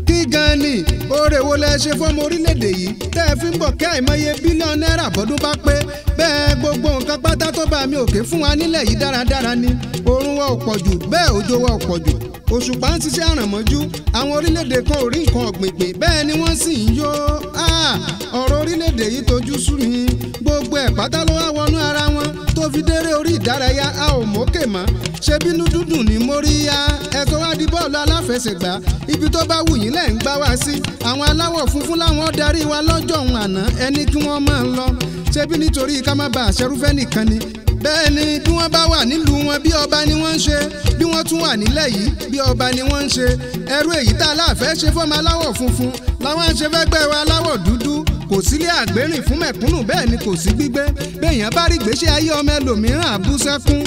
A: kí gan ni oore wo lẹ ṣe fọmọ orílẹ̀-èdè yìí tẹ́ ẹ fi ń bọ̀ kí àìmọye bílíọ̀nù náírà bọ́dún bá pé bẹ́ẹ̀ gbogbo nǹkan pátá tó bá mi òkè fún wa nílẹ̀ yìí dáradára ni oorun wa ò pọ̀jù bẹ́ẹ̀ òjò wa ò pọ̀jù òṣùpá ń ṣiṣẹ́ àrànmọ́jú àwọn orílẹ̀-èdè kan ò rí nǹkan ọ̀gbìngbìn bẹ́ẹ̀ ni wọ́n sì ń yó ah! ọ̀rọ̀ orílẹ̀-èdè yìí tojú sú mi gbogbo ẹ̀ pátá ló wá wọnú ara wọn mo fi déré orí ìdárayá a ò mókè mọ́ ṣe bínú dúdùn ní móríyá ẹ tó wá di bọ́ọ̀lù aláfẹsẹ̀gbá ibi tó bá wù yín lẹ́ ń gbá wá sí àwọn aláwọ̀ funfun láwọn darí wa lọ́jọ́ òun àná ẹni kí wọ́n máa lọ ṣe bí nítorí ká má ba àṣẹrúfẹ́ nìkan ni bẹ́ẹ̀ ni bí wọ́n bá wà nílùú wọn bí ọba ni wọ́n ń ṣe bí wọ́n tún wà nílẹ̀ yìí bí ọba ni wọ́n ń ṣe ẹrú èyí tá a ṣe fọ́mọ aláwọ̀ funfun làwọn aṣefẹ́gbẹ́ wa aláwọ̀ dúdú kò sílé àgbérìn fún mẹ̀kúnnù bẹ́ẹ̀ ni kò sí gbígbé béèyàn bá rí ìgbésí ayé ọmọ ẹlòmíràn àbúsẹ́kún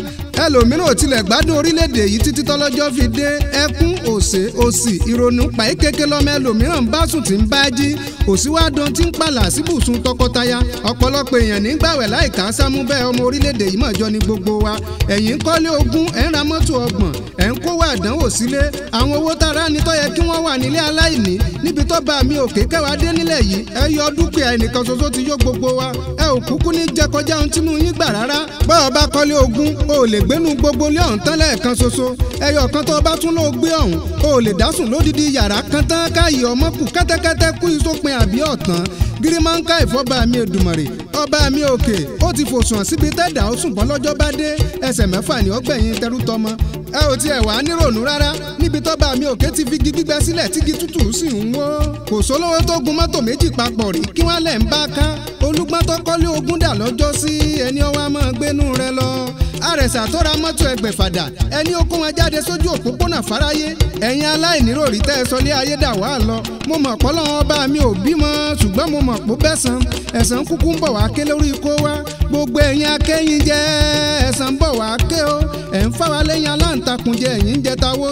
A: ẹlòmíràn ò tilẹ̀ gbádùn orílẹ̀-èdè yìí títí tọ́lọ́jọ́ fi dé ẹkún òṣè òṣì ìrònú pàì kéke lọ́mọ ẹlòmíràn bá sùn tí ń bá jí òṣìwádùn tí ń palà síbùsùn tọkọtaya ọ̀pọ̀lọpọ̀ èèyàn ní gbàwẹ̀ láìka sámú bẹ́ẹ̀ ọmọ orílẹ̀-èdè yìí mọ̀jọ ni gbogbo wa ẹ̀yin kọ́lé ogún ẹ̀ ń ra mọ́tò ọgbọ̀n ẹ̀ ń kówó àdánwò sílé àwọn owó tára ni kí wọ́n wà nílé aláìní níbi tó bá mi òkè kẹwàá dé nílẹ̀ yìí ẹ yọ dúkìá ẹnìkan ṣoṣo ti yó gbogbo wa ẹ ò kúkú ní jẹ ohun tí mo yín gbà rárá bá ọ bá kọ́lé ogún o lè gbénu gbogbo ilé ọ̀hún tán lẹ́ẹ̀kan ṣoṣo ẹyọ kan tó o bá tún lọ gbé ọ̀hún o lè dásùn lódìdí yàrá kan tán káyì ọmọ kù kẹ́tẹ́kẹ́tẹ́ kú ìsópin àbí ọ̀tán gírímọ́ńkà ìfọ́ba mi èdùmọ̀rè ọba mi òkè ó ti fòsùn síbi tẹ́dà ó sùn bọ́ lọ́jọ́ bá dé ẹsẹ̀ mẹ́fà ni ó gbẹ̀yìn tẹrú ẹ ò tiẹ̀ wá níròònú rárá níbi tọ́ba mi òkè ti fi igi gbígbẹ sílẹ̀ tígi tútù sì ń wó kò sólówó tó gun mọ́tò méjì papọ̀ rí kí wọ́n lẹ̀ ń bá ká olùgbọ́n tó kọ́lé ogún dà lọ́jọ́ sí ẹni ọwọ́ á máa gbénú rẹ lọ àrẹ̀sà tọ́ra ra ẹgbẹ̀ fàdà ẹni ó kó wọn jáde sójú òpópónà faraye ẹ̀yin aláìníròrí tẹ́ ẹ lé ayé dà lọ mo mọ̀ ọba mi ò bímọ ṣùgbọ́n mo mọ̀ pó bẹ́sàn ẹ̀san kúkú ń bọ̀ wá ké gbogbo ẹ̀yin jẹ́ bọ̀ wá ké o ẹ̀ ń lẹ́yìn aláǹtakùn tawó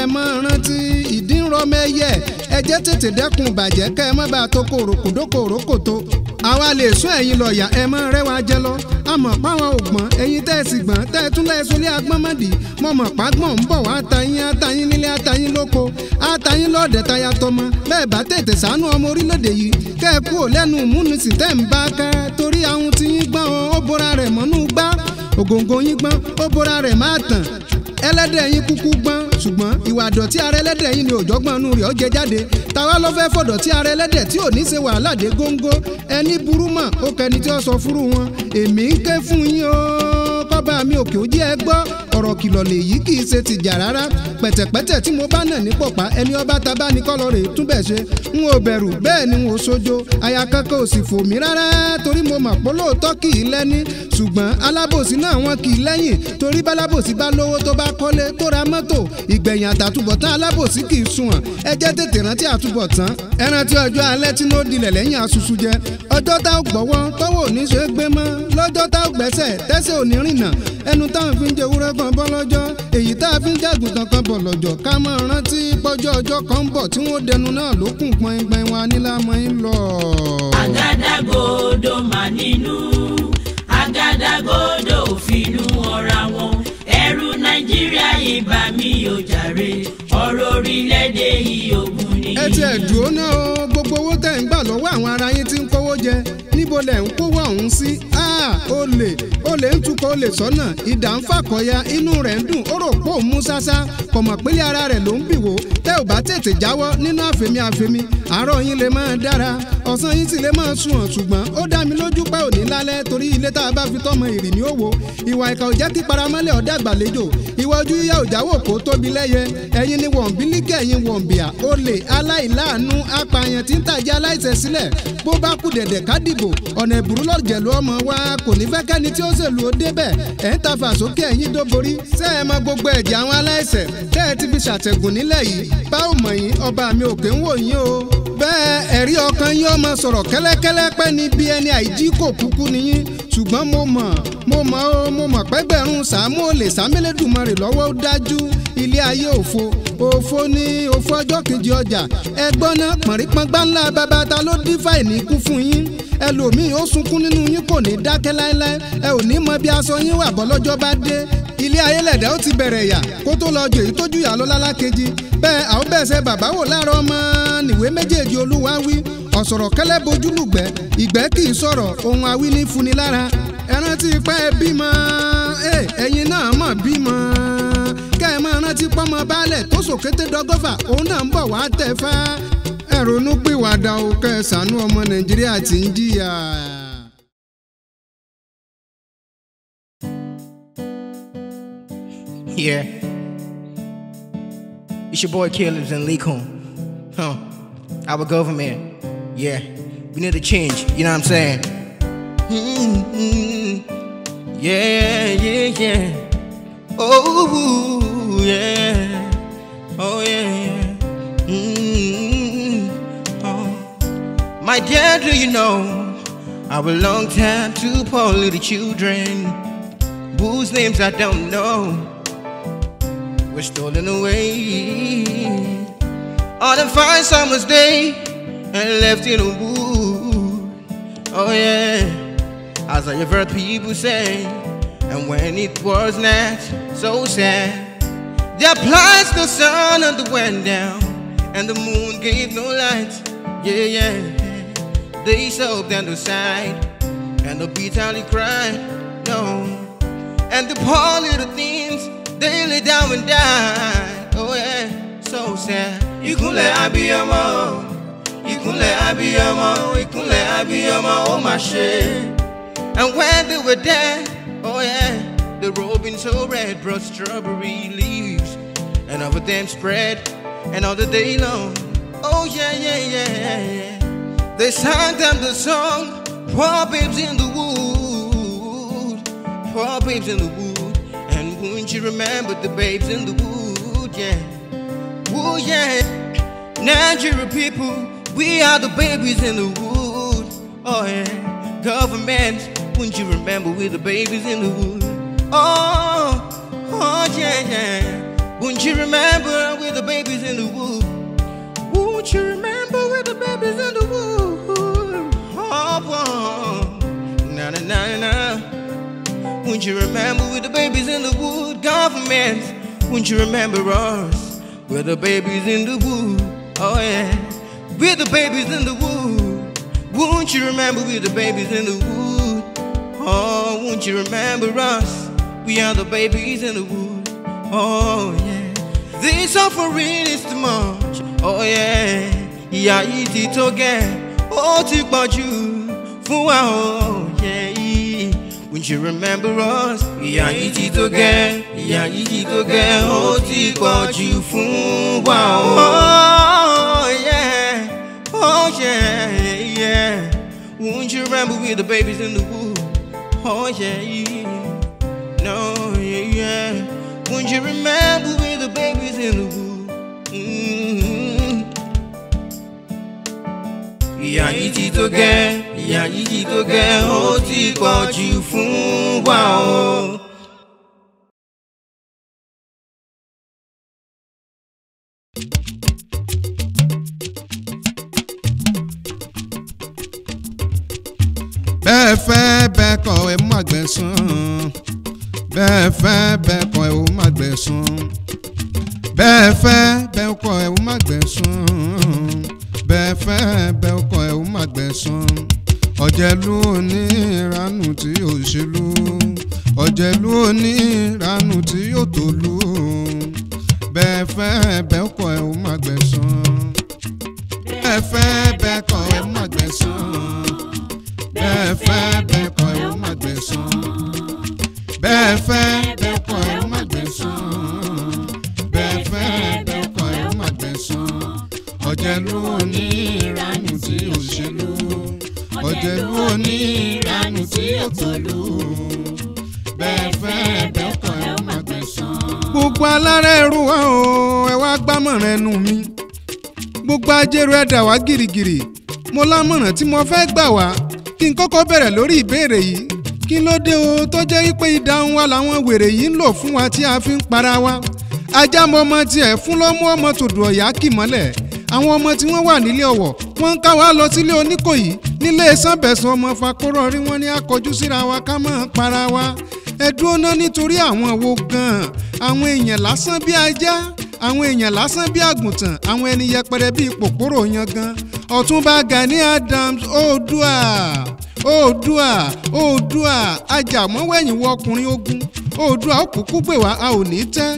A: ẹ mọ rántí ìdí ń rọmọ ẹyẹ ẹ jẹ́ tètè dẹ́kun àwa lè sún ẹ̀yin lọ́ọ̀yà ẹ mọ́ rẹwà jẹ lọ àmọ́ páwọn ògbọ́n ẹ̀yin tẹ́ ẹ sì gbọ́n tẹ́ ẹ tún lẹ́ẹ̀ sólé agbọ́nmọ́dì mọ́ mọ̀ pàgbọ́n ń bọ̀ wá àtàyín àtàyín nílé àtàyín lóko àtàyín lọ́ọ̀dẹ̀ táyà tọmọ bẹ́ẹ̀ bá tètè sànú ọmọ orílẹ̀-èdè yìí kẹ́ ẹ kú ò lẹ́nu múnisìn tẹ́ ń bá ká torí àwọn tí yín gbọ́n ó bora rẹ̀ mọ́nú gbá ògòǹgò yín gbọ́n ó bora rẹ̀ má tàn ẹlẹ́dẹ̀ yín kúkú gbọ́n ṣùgbọ́n ìwà àdọ̀tí ara ẹlẹ́dẹ̀ yín ni òjọ́gbọ́n inú rẹ̀ ó jẹ jáde tàwa ló fẹ́ fọ̀dọ̀ tí ara ẹlẹ́dẹ̀ tí ò ní ṣe wàhálà dé góńgó ẹni burú mọ̀ ó kẹni tí ó sọ fúrú wọn èmi ń ké fún yín o bàbá mi òkè òjì ẹ gbọ́ ọ̀rọ̀ kìlọ̀ lèyí kì í ṣe tìjà rárá pẹ̀tẹ̀pẹ̀tẹ̀ tí mo bá nà ní pọ̀pá ẹni ọba taba ní kọ́lọ̀ rè túbẹ̀ ṣe n ò bẹ̀rù bẹ́ẹ̀ ni n ò sojo aya kankan ò sì fò mí rárá torí mo mà pólóòtọ́ kì í lẹ́ni ṣùgbọ́n alábòsí náà wọn kì í lẹ́yìn torí bálábòsí bá lówó tó bá kọ́lé tó ra mọ́tò ìgbẹ̀yìn àtàtúbọ̀tán alábòsí kì í sunwọ̀n ẹ jẹ́ tètè rántí àtúbọ̀tán ẹ rántí ọjọ́ alẹ́ tí ló dilẹ̀ lẹ́yìn àṣùṣù jẹ ọjọ́ tá ò gbọ́wọ́ tọ́wọ́ ò ṣe é gbé mọ́ lọ́jọ́ tá ò gbẹ́sẹ̀ tẹ́sẹ̀ ò rìnà ẹnu táwọn fi ń jẹ ewúrẹ́ kan bọ́ lọ́jọ́ èyí tá a fi ń jẹ àgùntàn kan bọ̀ lọ́jọ́ ká máa rántí pọ́jọ́ ọjọ́ kan ń bọ̀ tí wọ́n dẹnu náà lókùn pọ́npọ́n wa níláàmọ́ ń lọ.
B: àgádágodo mà nínú àgádágodo òfinú ọ̀ra wọn ẹrú nàìjíríà ìbámi ò jàre ọ̀rọ̀ orílẹ̀-èdè yìí ogun ẹ tiẹ̀ dúró náà o
A: gbogbo owó tẹ̀ ń gbà lọ́wọ́ àwọn ará yín tí ń kówó jẹ níbo lẹ̀ ń kówó ọ̀hún sí olè olè ń tukọ̀ olè sọ́nà ìdá ń fàkọ̀ya inú rẹ̀ ń dùn ó rò pò ń mú ṣáṣá kọ̀mọ̀ pélé ara rẹ̀ ló ń bìwò tẹ́ ò bá tètè jáwọ́ nínú àfẹ́mi àfẹ́mi àárọ̀ yín lè máa dára ọ̀sán yín sì lè máa sunwọ̀n ṣùgbọ́n ó dá mi lójú pé òní lálẹ́ torí ilé tá a bá fi tọ́mọ ìrì ní òwò ìwà ìkà ò jẹ́ paramọ́lẹ̀ ọ̀dẹ́ àgbàlejò ìwà ojú yíyá ò kó tóbi lẹ́yẹ ẹ̀yin ni wọ̀nbí líkẹ́ ẹ̀yin wọ̀nbíà aláìláàánú apààyàn tí ń tàjẹ́ aláìṣẹ̀ sílẹ̀ bó bá kú dẹ̀dẹ̀ ká dìbò ọ̀nà ìbùrú lọ́jẹ̀lú ọmọ wa kò ní fẹ́ kẹ́ni tí ó ṣèlú ó débẹ̀ ẹ̀ ń ta fàsókè ẹ̀yìn dóborí ṣé ẹ gbogbo ẹ̀jẹ̀ àwọn aláìṣẹ̀ tẹ́ ti fi ṣàtẹ̀gùn nílẹ̀ yìí bá ò mọ̀ yín ọba mi òkè ń o bẹ́ẹ̀ ẹ̀rí ọkàn yín ọmọ sọ̀rọ̀ kẹ́lẹ́kẹ́lẹ́ pẹ́ níbi ẹni àìjí kò kúkú nìyí ṣùgbọ́n mo mọ̀ mo mọ̀ ó mo mọ̀ pẹ́gbẹ̀rún sàmú olè sàmúlẹ̀dùmarè lọ́wọ́ dájú ilé ayé òfo òfo ní òfo ọjọ́ kejì ọjà ẹgbọ́n náà pọ̀nrípọ́n gbáńlá bàbá ta ló dífà ìníkú fún yín ẹlòmíì ó sunkún nínú yín kò ní dákẹ́ láéláé ẹ ò ní mọ bí aṣọ yín wà bọ́lọ́jọ́ bá dé ilé ayé lẹ̀dá ó ti bẹ̀rẹ̀ yà kó tó lọ jò èyí tójú yà lọ́lá lákejì bẹ́ẹ̀ àwọn bẹ́ẹ̀ sẹ́ bàbá wò láàárọ̀ mọ́ nìwé méjèèjì olúwa wí ọ̀sọ̀rọ̀ kẹ́lẹ́ bojú lùgbẹ́ ìgbẹ́ kì í sọ̀rọ̀ ohun awí ní funi lára ẹ rántí pé ẹ bímọ ẹ̀yin náà mọ̀ bímọ kẹ́ ẹ máa rántí pọ́mọ baálẹ̀ tó sòkété dọ́gọ́fà òun náà ń bọ̀ wá tẹ̀ fá ẹ ronú pìwàdà o kẹ́ ẹ ṣàánú ọmọ nàìjíríà tí ń jìyà.
E: Yeah. It's your boy Caleb's in Lee Coon. Huh. our government. Yeah, we need a change, you know what I'm saying? Mm-hmm. Yeah, yeah, yeah. Oh, yeah. Oh, yeah, yeah. Mm-hmm. Oh. My dear, do you know? Our long time to poor little children whose names I don't know were stolen away on a fine summer's day and left in a wood. Oh yeah, as I've heard people say, and when it was not so sad, the placed the sun and the went down, and the moon gave no light. Yeah, yeah, they sobbed and the sighed, and they bitterly cried. No, and the poor little things they lay down and died. Oh yeah sọ́ọ̀sẹ̀. ìkúnlẹ̀ abiyamọ ìkúnlẹ̀ abiyamọ ìkúnlẹ̀ abiyamọ ó mà ṣe. And when they were there, oh yeah, the robin so red brought strawberry leaves, and over them spread another day long. Oh yeah, yeah, yeah, yeah. They sang them the song, Poor Babes in the Wood, Poor Babes in the Wood. And wouldn't you remember the babes in the wood, yeah. Oh yeah. Nigeria people, we are the babies in the wood. Oh, yeah. Government, wouldn't you remember we're the babies in the wood? Oh, oh, yeah, yeah. Wouldn't you remember we're the babies in the wood? Won't you remember we're the babies in the wood? Oh, boy. Oh. na na na na. Wouldn't you remember we're the babies in the wood? Government, wouldn't you remember us? With the babies in the woo, oh yeah. With the babies in the woo. Won't you remember with the babies in the woo? Oh, won't you remember us? We are the babies in the woo, oh yeah. This offering is too much, oh yeah. Ìyà eat it again. Oh ó ti you, for fún oh yeah. Would you remember us? We are ti tó gẹ́, ìyà yìí ti tó ó ti fún wa o. Oh yeah, oh yeah, yeah. Won't you remember we the babies in the womb? Oh yeah, yeah. no, yeah, yeah. Won't you remember we the babies in the womb? Mm-hmm. Ìyà yìí
B: ìyà yìí tó gẹ ó ti pọ̀ jù fún wa o.
A: bẹ́ẹ̀ fẹ́ bẹ́ẹ̀ kọ̀ ẹ̀ mú àgbẹ̀ sùn bẹ́ẹ̀ fẹ́ bẹ́ẹ̀ kọ̀ ẹ̀ mú àgbẹ̀ sùn bẹ́ẹ̀ fẹ́ bẹ́ẹ̀ kọ̀ ẹ̀ mú àgbẹ̀ sùn bẹ́ẹ̀ fẹ́ bẹ́ẹ̀ kọ̀ ẹ̀ mú àgbẹ̀ sùn ọ̀jẹ̀lú oníranù tí yóò ṣèlú ọ̀jẹ̀lú oníranù tí yóò tòlú bẹ́ẹ̀ fẹ́ bẹ́ẹ̀ kọ́ ẹ̀ ó má gbẹ̀san bẹ́ẹ̀ fẹ́ bẹ́ẹ̀ kọ́ ẹ̀ ó má gbẹ̀san bẹ́ẹ̀ fẹ́ bẹ́ẹ̀. gbogbo alárẹ̀ ẹrú wa o ẹ wá gbámọ̀ràn ẹnu mi gbogbo ajẹ́rú ẹ̀dá wa gìrìgìrì mo lámọ̀ràn tí mo fẹ́ gbà wá kí n kọ́kọ́ bẹ̀rẹ̀ lórí ìbéèrè yìí kí ló dé o tó jẹ́ pé ìdáhùn wa làwọn wèrè yìí ń lò fún wa tí a fi ń para wa ajá mọ ọmọ tiẹ̀ fún lọ́mú ọmọ tòdù ọ̀yá kì mọ́lẹ̀ àwọn ọmọ tí wọ́n wà nílé ọ̀wọ̀ wọ́n ń ká wa lọ sílé oníkòyí nílé sànbẹ̀sán ọmọ fakóró rí wọ́n ní àkọjú síra wa ká máa para wa ẹ dúró ná nítorí àwọn wo gan-an àwọn èèyàn lásán bí ajá àwọn èèyàn lásán bí àgùntàn àwọn ẹni yẹpẹrẹ bí pòpòrò yangan ọ̀túnba Gani Adams oòdùà oòdùà oòdùà ajàmọ́wẹ̀yìn wọ ọkùnrin ogun oòdùà òkùnkùn gbè wá a ò ní tẹ́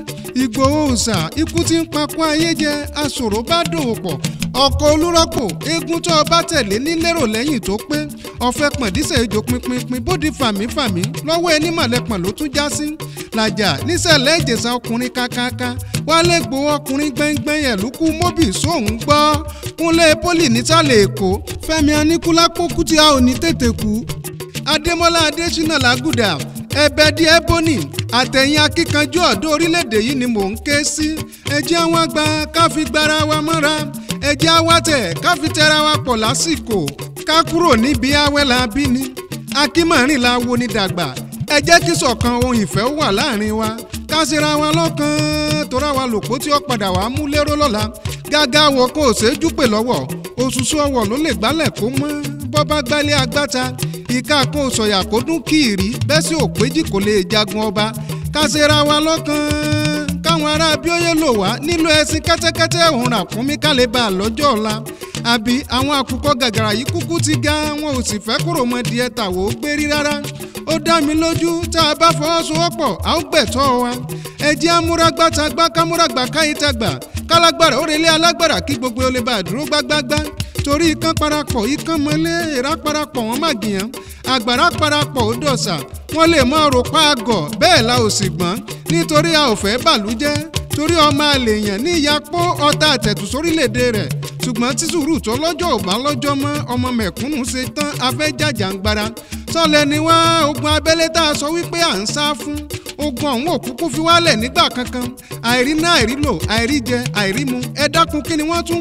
A: Ìgbòho ṣà ikú tí ń pakú ayé jẹ aṣòro bá dòwò pọ̀ ọkọ̀ olúrọ́pò eégún tó ọba tẹ̀lé nílérò lẹ́yìn tó pé ọ̀fẹ́ pọ̀ndísẹ̀ ejò pinpinpin bóde fàmífàmí lọ́wọ́ ẹni mọ̀lẹ́pọ̀n ló tún já sí làjà nísẹ̀lẹ̀ ìjẹ̀ṣà ọkùnrin kákáká wálé gbó ọkùnrin gbẹ́ngbẹ́ng ẹ̀lúkú mọ́bì sóhun gbọ́ kúnlé pólì nítàlẹ̀ èkó fẹ́mi aníkúlápó kútìá òní tètè kú adémọ́lá adésínà làgùdà Ẹ̀bẹ̀dì Ebony àtẹ̀yìn akíkanjú ọ̀dọ́ orílẹ̀-èdè yìí ni mò ń ké sí ẹ jẹ́ àwọn gba ká fi gbára wa mọ́ra ẹ jẹ́ àwa tẹ̀ ká fi tẹra wa pọ̀ lásìkò ká kúrò níbi awẹ́lá bíni akímọ̀rìn la wo ni dàgbà ẹ jẹ́ kí ṣọ̀kan ohun ìfẹ́ wà láàrin wa ká ṣera wa lọ́kàn tóra wa lòpó tí ó padà wàá mú lérò lọ́la gágá wọ kó o ṣe é júpè lọ́wọ́ òṣùṣù ọwọ́ ló lè gbálẹ̀ kó mọ́ bọ́ bá gbálẹ̀ agbáta kí káàkó sọ̀yà kó dún kìrì bẹ́ẹ̀ sì ò péjì kò lè jagun ọba kásẹ̀ra wa lọ́kàn káwọn ará abíóyè lò wá nílò ẹṣin kẹ́tẹ́kẹ́tẹ́ òun rà fún mi kálẹ̀ bá a lọ́jọ́ ọ̀la àbí àwọn àkùkọ gàgàrà yìí kúkú ti ga wọn ò sì fẹ́ kúrò mọ́ díẹ̀ tàwọ́ gbérí rárá ó dá mi lójú tá a bá fọwọ́sowọ́pọ̀ a ó gbẹ̀tọ́ wa ẹ jẹ́ kámúragbá káyìí kálágbára ó relé alágbára kí gbogbo olè bá dúró gbágbágbá torí ikán parapọ̀ ikán mọ́lé èèrà parapọ̀ wọ́n má gìyàn àgbàrá parapọ̀ ó dọ̀sà wọ́n lè mọ òròpá àgọ̀ bẹ́ẹ̀ la ò sì gbọ́n nítorí a ò fẹ́ bàlújẹ́ torí ọmọ àlèyàn ní ìyapó ọ̀tá àtẹ̀tù sórílẹ̀ rẹ̀ ṣùgbọ́n tí sùúrù tó lọ́jọ́ ò bá lọ́jọ́ ọmọ mẹ̀kúnnù ṣe tán abẹ́jàjàngbara sọ́lẹ̀ ni wọ́n ogun abẹ́lé tá sọ wípé à ń sá fún ogun ọ̀hún òkúkú fi wálẹ̀ nígbà kankan àìrí àìrí àìrí jẹ àìrí mu kí ni wọ́n tún ń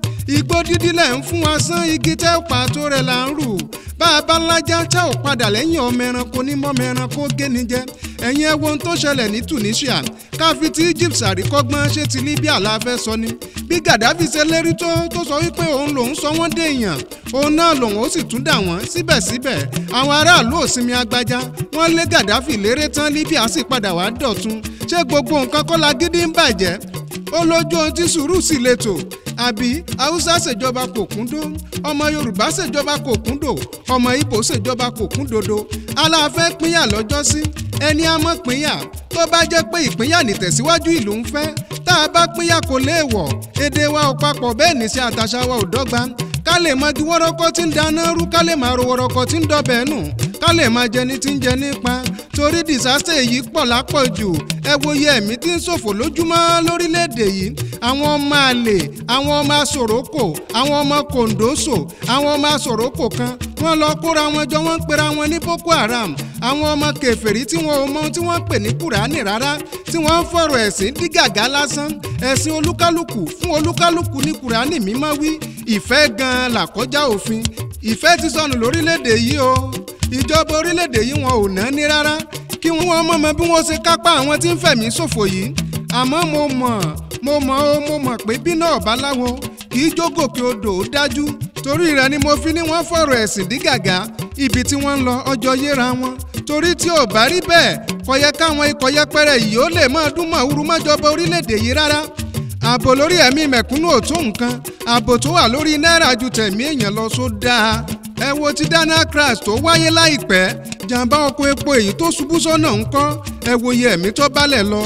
A: pè igbó dídí lẹ̀ ń fún wa sán igi tẹ́ ò pàtó rẹ̀ là ń rù bá a bá lájà tẹ́ ò padà lẹ́yìn ọmọ ẹranko ní mọ́mọ ẹranko géni jẹ ẹ̀yin ẹ wo ohun tó ṣẹlẹ̀ ní Tunisia káfí tí Egypt àríkọ́gbọ́n ṣe ti Libya la fẹ́ sọ ni bí Gaddafi ṣe lérí tó tó sọ wípé òun lòún sọ wọ́n dé èèyàn òun náà lòun ó sì tún dà wọ́n síbẹ̀síbẹ̀ àwọn aráàlú ò sinmi agbájá wọ́n lé Gaddafi léré tán Libya sì padà wá dọ̀tun ṣé gbogbo nǹkan kọ́ la gidi ń bàjẹ́ ó lójú ohun tí sùúrù sì le tò àbí haúsá ṣèjọba kò kúndó ọmọ yorùbá ṣèjọba kò kúndò ọmọ ìbò ṣèjọba kò kúndòdò aláàfẹ́ pínyà lọ́jọ́sí ẹni àmọ́ pínyà tó bá jẹ́ pé ìpínyà nìtẹ̀síwájú ìlú ń fẹ́ tá a bá pínyà kò léèwọ̀ èdè wa ò papọ̀ bẹ́ẹ̀ ní sí àtàṣà wa ò dọ́gba ká lè mọ di wọ́rọ́kọ́ tí ń dáná rú ká lè máa ro wọ́rọ́kọ́ tí ń dọ̀bẹ̀ nù ká lè máa jẹ ní tí ń jẹ nípa torí dìsáṣẹ yìí pọ̀ lápọ̀jù ẹ wo iye ẹ̀mí tí ń ṣòfò lójúmọ́ lórílẹ̀‐èdè yìí àwọn ọmọ àlè àwọn ọmọ asòrókò àwọn ọmọ kòǹdóṣò àwọn ọmọ asòrókò kan wọ́n lọ kóra wọn jọ wọ́n ń pera wọn ní Boko Haram àwọn ọmọ kèfèrí tí wọn ò mọ ohun tí wọ́n ń pè ní kùránì rárá tí wọ́n ń fọ̀rọ̀ ẹ̀sìn dígàgá lásán ẹ̀sìn olúkálùkù fún olúkálùkù ní kùránì mímọ́ wí ìfẹ́ gan-an làkọjá òfin ìfẹ́ ti sọnù lórílẹ̀‐èdè yìí o ìjọba orílẹ̀-èdè yìí wọn ò náání rárá kí wọ́n mọ̀mọ́ bí wọ́n ṣe kápá àwọn tí ń fẹ̀mí ṣòfò yìí àmọ́ mo mọ̀ mo mọ̀ ó mo mọ̀ pé bí náà bá láwo kì í jógòkè odò ó dájú torí rẹ̀ ni mo fi ní wọ́n fọ̀rọ̀ ẹ̀sìn dí gàgà ibi tí wọ́n ń lọ ọjọ́ yéra wọn torí tí ò bá rí bẹ́ẹ̀ kọyẹ káwọn ikọ̀ yẹpẹrẹ yìí ó lè máa dún màwúrú mọ́jọba orílẹ̀-èdè yìí rárá ààbò lórí ẹ̀mí mẹ̀kúnnù ò nǹkan ààbò tó wà lórí náírà ju tẹ̀mí èèyàn lọ só ẹ wo ti dana crash tó wáyé láìpẹ́ jàǹbá ọkọ̀ epo èyí tó ṣubú sọ́nà ń kọ́ ẹ wo iye ẹ̀mí tó balẹ̀ lọ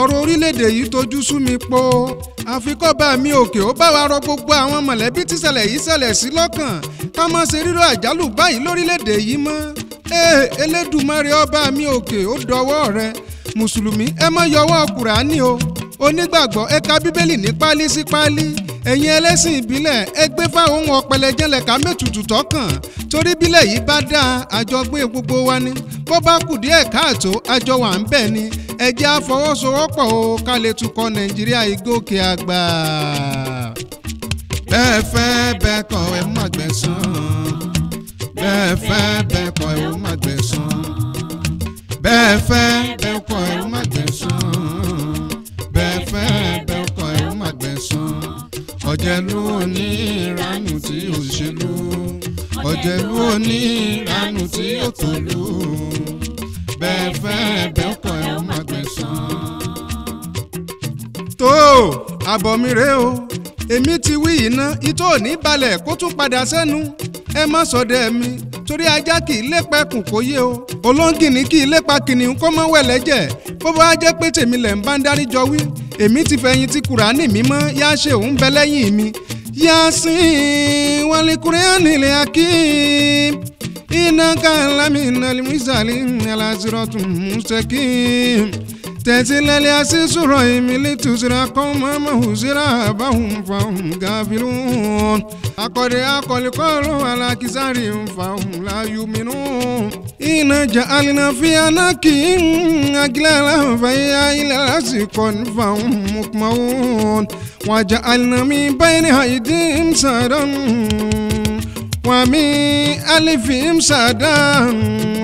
A: ọ̀rọ̀ orílẹ̀-èdè yìí tojú sú mi po àfikọ́ba mi òkè ó bá wa rọ gbogbo àwọn mọ̀lẹ́bí tíṣẹ̀lẹ̀ yìí ṣẹlẹ̀ sí lọ́kàn ká má ṣe rírò àjálù báyìí lórílẹ̀-èdè yìí mọ́ ee Elédùmarè ọba mi òkè ó dọwọ́ rẹ mùsùlùmí ẹ má yọwọ́ Kùránì o onígbàgbọ́ ẹ ka bíbélì ní pálí sí pálí ẹ̀yin ẹlẹ́sìn ìbílẹ̀ ẹ gbé ohun ọ̀pẹ̀lẹ̀ jẹ́lẹ̀ ká tọ́kàn torí bílẹ̀ yìí bá àjọgbé gbogbo wa ni bó bá kù díẹ̀ káàtó àjọ wà ni eji jẹ́ o ká lè tukọ̀ Nàìjíríà àgbà. bẹ́ẹ̀ fẹ́ bẹ́ẹ̀ ọ̀jẹ̀lú onírànù tí ó ṣèlú ọ̀jẹ̀lú onírànù tí ó tòlú bẹ́ẹ̀ fẹ́ bẹ́ẹ̀ kọ́ ẹ̀ má gbẹ̀san. tó àbọ̀ mi rèé o èmi ti wí iná itó ò ní balẹ̀ kó tún padà sẹ́nu ẹ má sọdẹ mi torí ajá kì í lépa ẹkùn kó yé o olóńgìní kì í lépa kìnìún kó mọ́ wẹ̀lẹ́ jẹ bó bá jẹ́ pé tèmi lẹ̀ ń bá ń dárí jọ wí èmi ti fẹ̀yìn ti kùránì mímọ́ yá ṣe òun bẹ lẹ́yìn mi yasin walikureani le akim iná kan lámìnà lè mú ìsàlẹ̀ ní alásìrọ̀tún mú sẹ́kìm tẹ̀sí lẹ́lẹ́ àti sùrọ̀ ìmìlì tùsùrà kọ́ mọ́mọ́ hùsùrà báhùn fàhùn gàfìlún. akọ̀dé akọ̀lẹ́kọ̀ ló wà lákìsárì fàhùn láyù mìíràn. iná jà alìnà fi àná kì í ń agilẹ̀ láǹfààyà ilẹ̀ lásìkò fàhùn mọ̀kùmáwọ́n. wàjà alìnà mi báyìí ní àyídí ń sàdán. ومن ألفهم سادا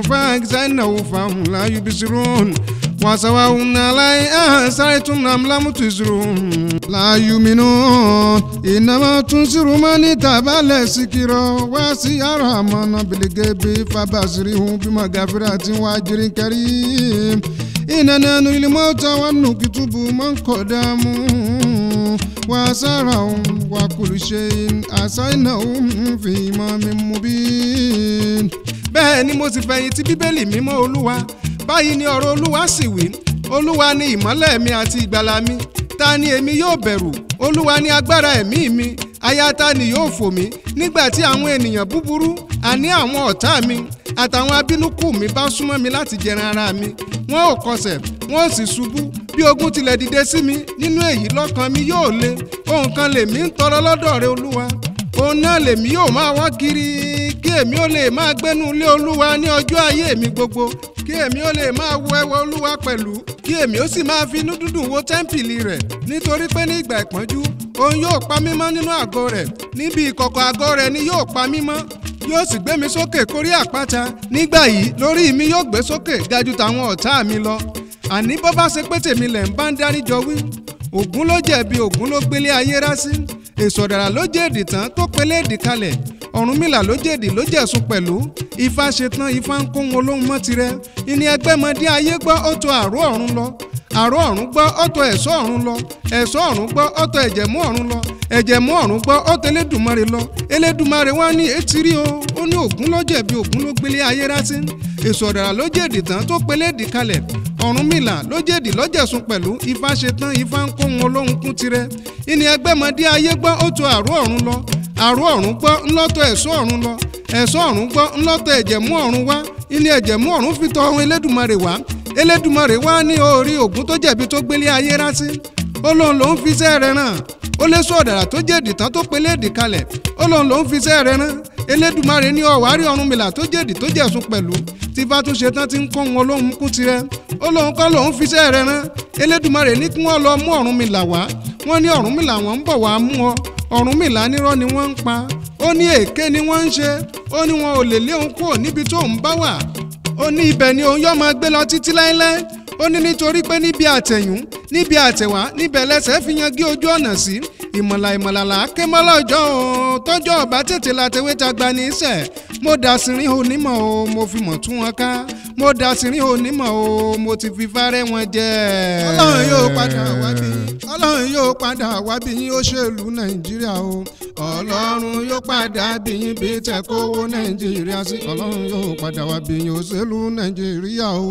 A: فأجزاء فهم لا يبصرون وسواء علي أسرتم أم لم تزرون لا يؤمنون إنما تنزر من اتبع السكر وسيرى من بالغيب فبصره بمغفرة وأجر كريم إننا نري الموت ونكتب من قدمه وأسرهم وكل شيء أسيناهم في إمام مبين bẹ́ẹ̀ ni mo sì fẹ̀yìntì bíbélì mímọ́ olúwa báyìí ni ọ̀rọ̀ olúwa sì wí olúwa ni ìmọ́lẹ̀ mi àti ìgbàlà mi ta ni èmi yóò bẹ̀rù olúwa ni agbára ẹ̀mí mi aya ta ni yóò fò mí nígbà tí àwọn ènìyàn búburú àní àwọn ọ̀tá mi àtàwọn abínúkù mi bá súnmọ́ mi láti jẹran ara mi wọn ò kọsẹ̀ wọn ò sì ṣubú bí ogun tilẹ̀ dìde sí mi nínú èyí lọ́kàn mi yóò le ohun kan lèmi ń tọrọ lọ́dọ̀ rẹ olúwa òun náà lèmi yóò máa wá kiri kí èmi ó lè máa gbénu ilé olúwa ní ọjọ́ ayé mi gbogbo kí èmi ó lè máa wo ẹwà olúwa pẹ̀lú kí èmi ó sì máa fi inú dúdùn wo tẹ́ḿpìlì rẹ̀ nítorí pé ní ìgbà ìpọ́njú òun yóò pa mí mọ́ nínú àgọ́ rẹ̀ níbi ìkọ̀kọ̀ àgọ́ rẹ̀ ni yóò pa mí mọ́ yóò sì gbé mi sókè kórí àpáta nígbà yìí lórí mi yóò gbé sókè gaju tàwọn ọ̀tá mi lọ àní bó bá ṣe pé tèmi lẹ̀ ń bá ń dáríjọ wí ògún ló jẹ̀bi ògún ló gbélé ayé rá sí èsòdàrà ló jèdì tán tó peléèdì kalẹ̀ ọ̀rúnmìlà ló jèdì ló jẹ̀sùn pẹ̀lú ifá ṣetán ifá ń kóhun olóhùn mọ́ tirẹ̀ ìní ẹgbẹ́mọdé ayé gbọ́ ó tó àró ọ̀run lọ àró ọ̀run gbọ́ ọ̀tọ̀ ẹ̀sọ́ ọ̀run lọ ẹ̀sọ́ ọ̀run gbọ́ ọ̀tọ̀ ẹ̀jẹ̀mú ọ̀run lọ ẹ̀jẹ̀mú ọ̀run gbọ́ ọ̀tọ̀ elédùmarè lọ elédùmarè wá ní etí o ó ní ògún lọ́jọ́ ẹ̀bi ògún ló gbélé ayé rásí èṣù ọ̀dàrà ló jèdì tán tó peléèdì kalẹ̀ ọ̀rúnmìlà ló jèdì lọ́jẹ̀sùn pẹ̀lú ifá ṣetán ifá ń kóhun olóhun kún tirẹ̀ ìní ẹgbẹ́mọdé ayé gbọ́ ó tu àrò ọ̀run lọ àrò ọ̀run gbọ́ ńlọ́tọ̀ ẹ̀ṣọ́ ọ̀run lọ ẹ̀ṣọ́ ọ̀run gbọ́ ńlọ́tọ̀ ẹ̀jẹ̀mú ọ̀run wá ìní ẹ̀jẹ̀mú ọ̀run fi tọ́ ohun elédùmarè wá elédùmarè wá ní orí ògún tó jẹ̀bi tó gbélé ayé rásí ó lóun lòún fi iṣẹ́ rẹ̀ ràn ó lé sọ ọ̀dàrà tó jẹ́ ìdìtàn tó pelé èdè kalẹ̀ ó lóun lòún fi iṣẹ́ rẹ̀ ràn elédùmarè ní ọ̀wárí ọ̀rúnmìlà tó jẹ́ èdè tó jẹ̀sùn pẹ̀lú tí bá tún ṣe tán ti ń kó wọn lóhun kú tirẹ̀ ó lóun kọ́ lòún fi iṣẹ́ rẹ̀ ràn elédùmarè ní kí wọ́n lọ mú ọ̀rúnmìlà wá wọ́n ní ọ̀rúnmìlà wọ́n ń bọ̀ wá mú ọ ọ̀rúnmìlà nírọ́ ni wọ́n ń pa ó ní èké ni wọ́n ń ṣe ó ní wọn ò lè lé òun kúrò níbi tó òun bá wà ó ní ibẹ̀ ni òun yọ́ máa gbé lọ títí láéláé ó ní nítorí pé níbi àtẹ̀yún níbi àtẹ̀wá níbẹ̀ lẹ́sẹ̀ fi yan gé ojú ọ̀nà sí ìmọ̀là ìmọ̀là là á ké mọ́ lọ́jọ́ o tọ́jọ́ ọ̀bá tètè la tewé ta gba ní sẹ̀ mo dà sírín onímọ̀ o mo fi mọ̀ tún wọn ká mo dà sírín onímọ̀ o mo ti fi fárẹ́ wọn jẹ. ọlọ́run yóò padà wá bí ọlọ́run yóò padà wá bí yín òṣèlú nàìjíríà o ọlọ́run yóò padà bí yín bí tẹ kówó nàìjíríà sí ọlọ́run yóò padà wá bí yín òṣèlú nàìjíríà o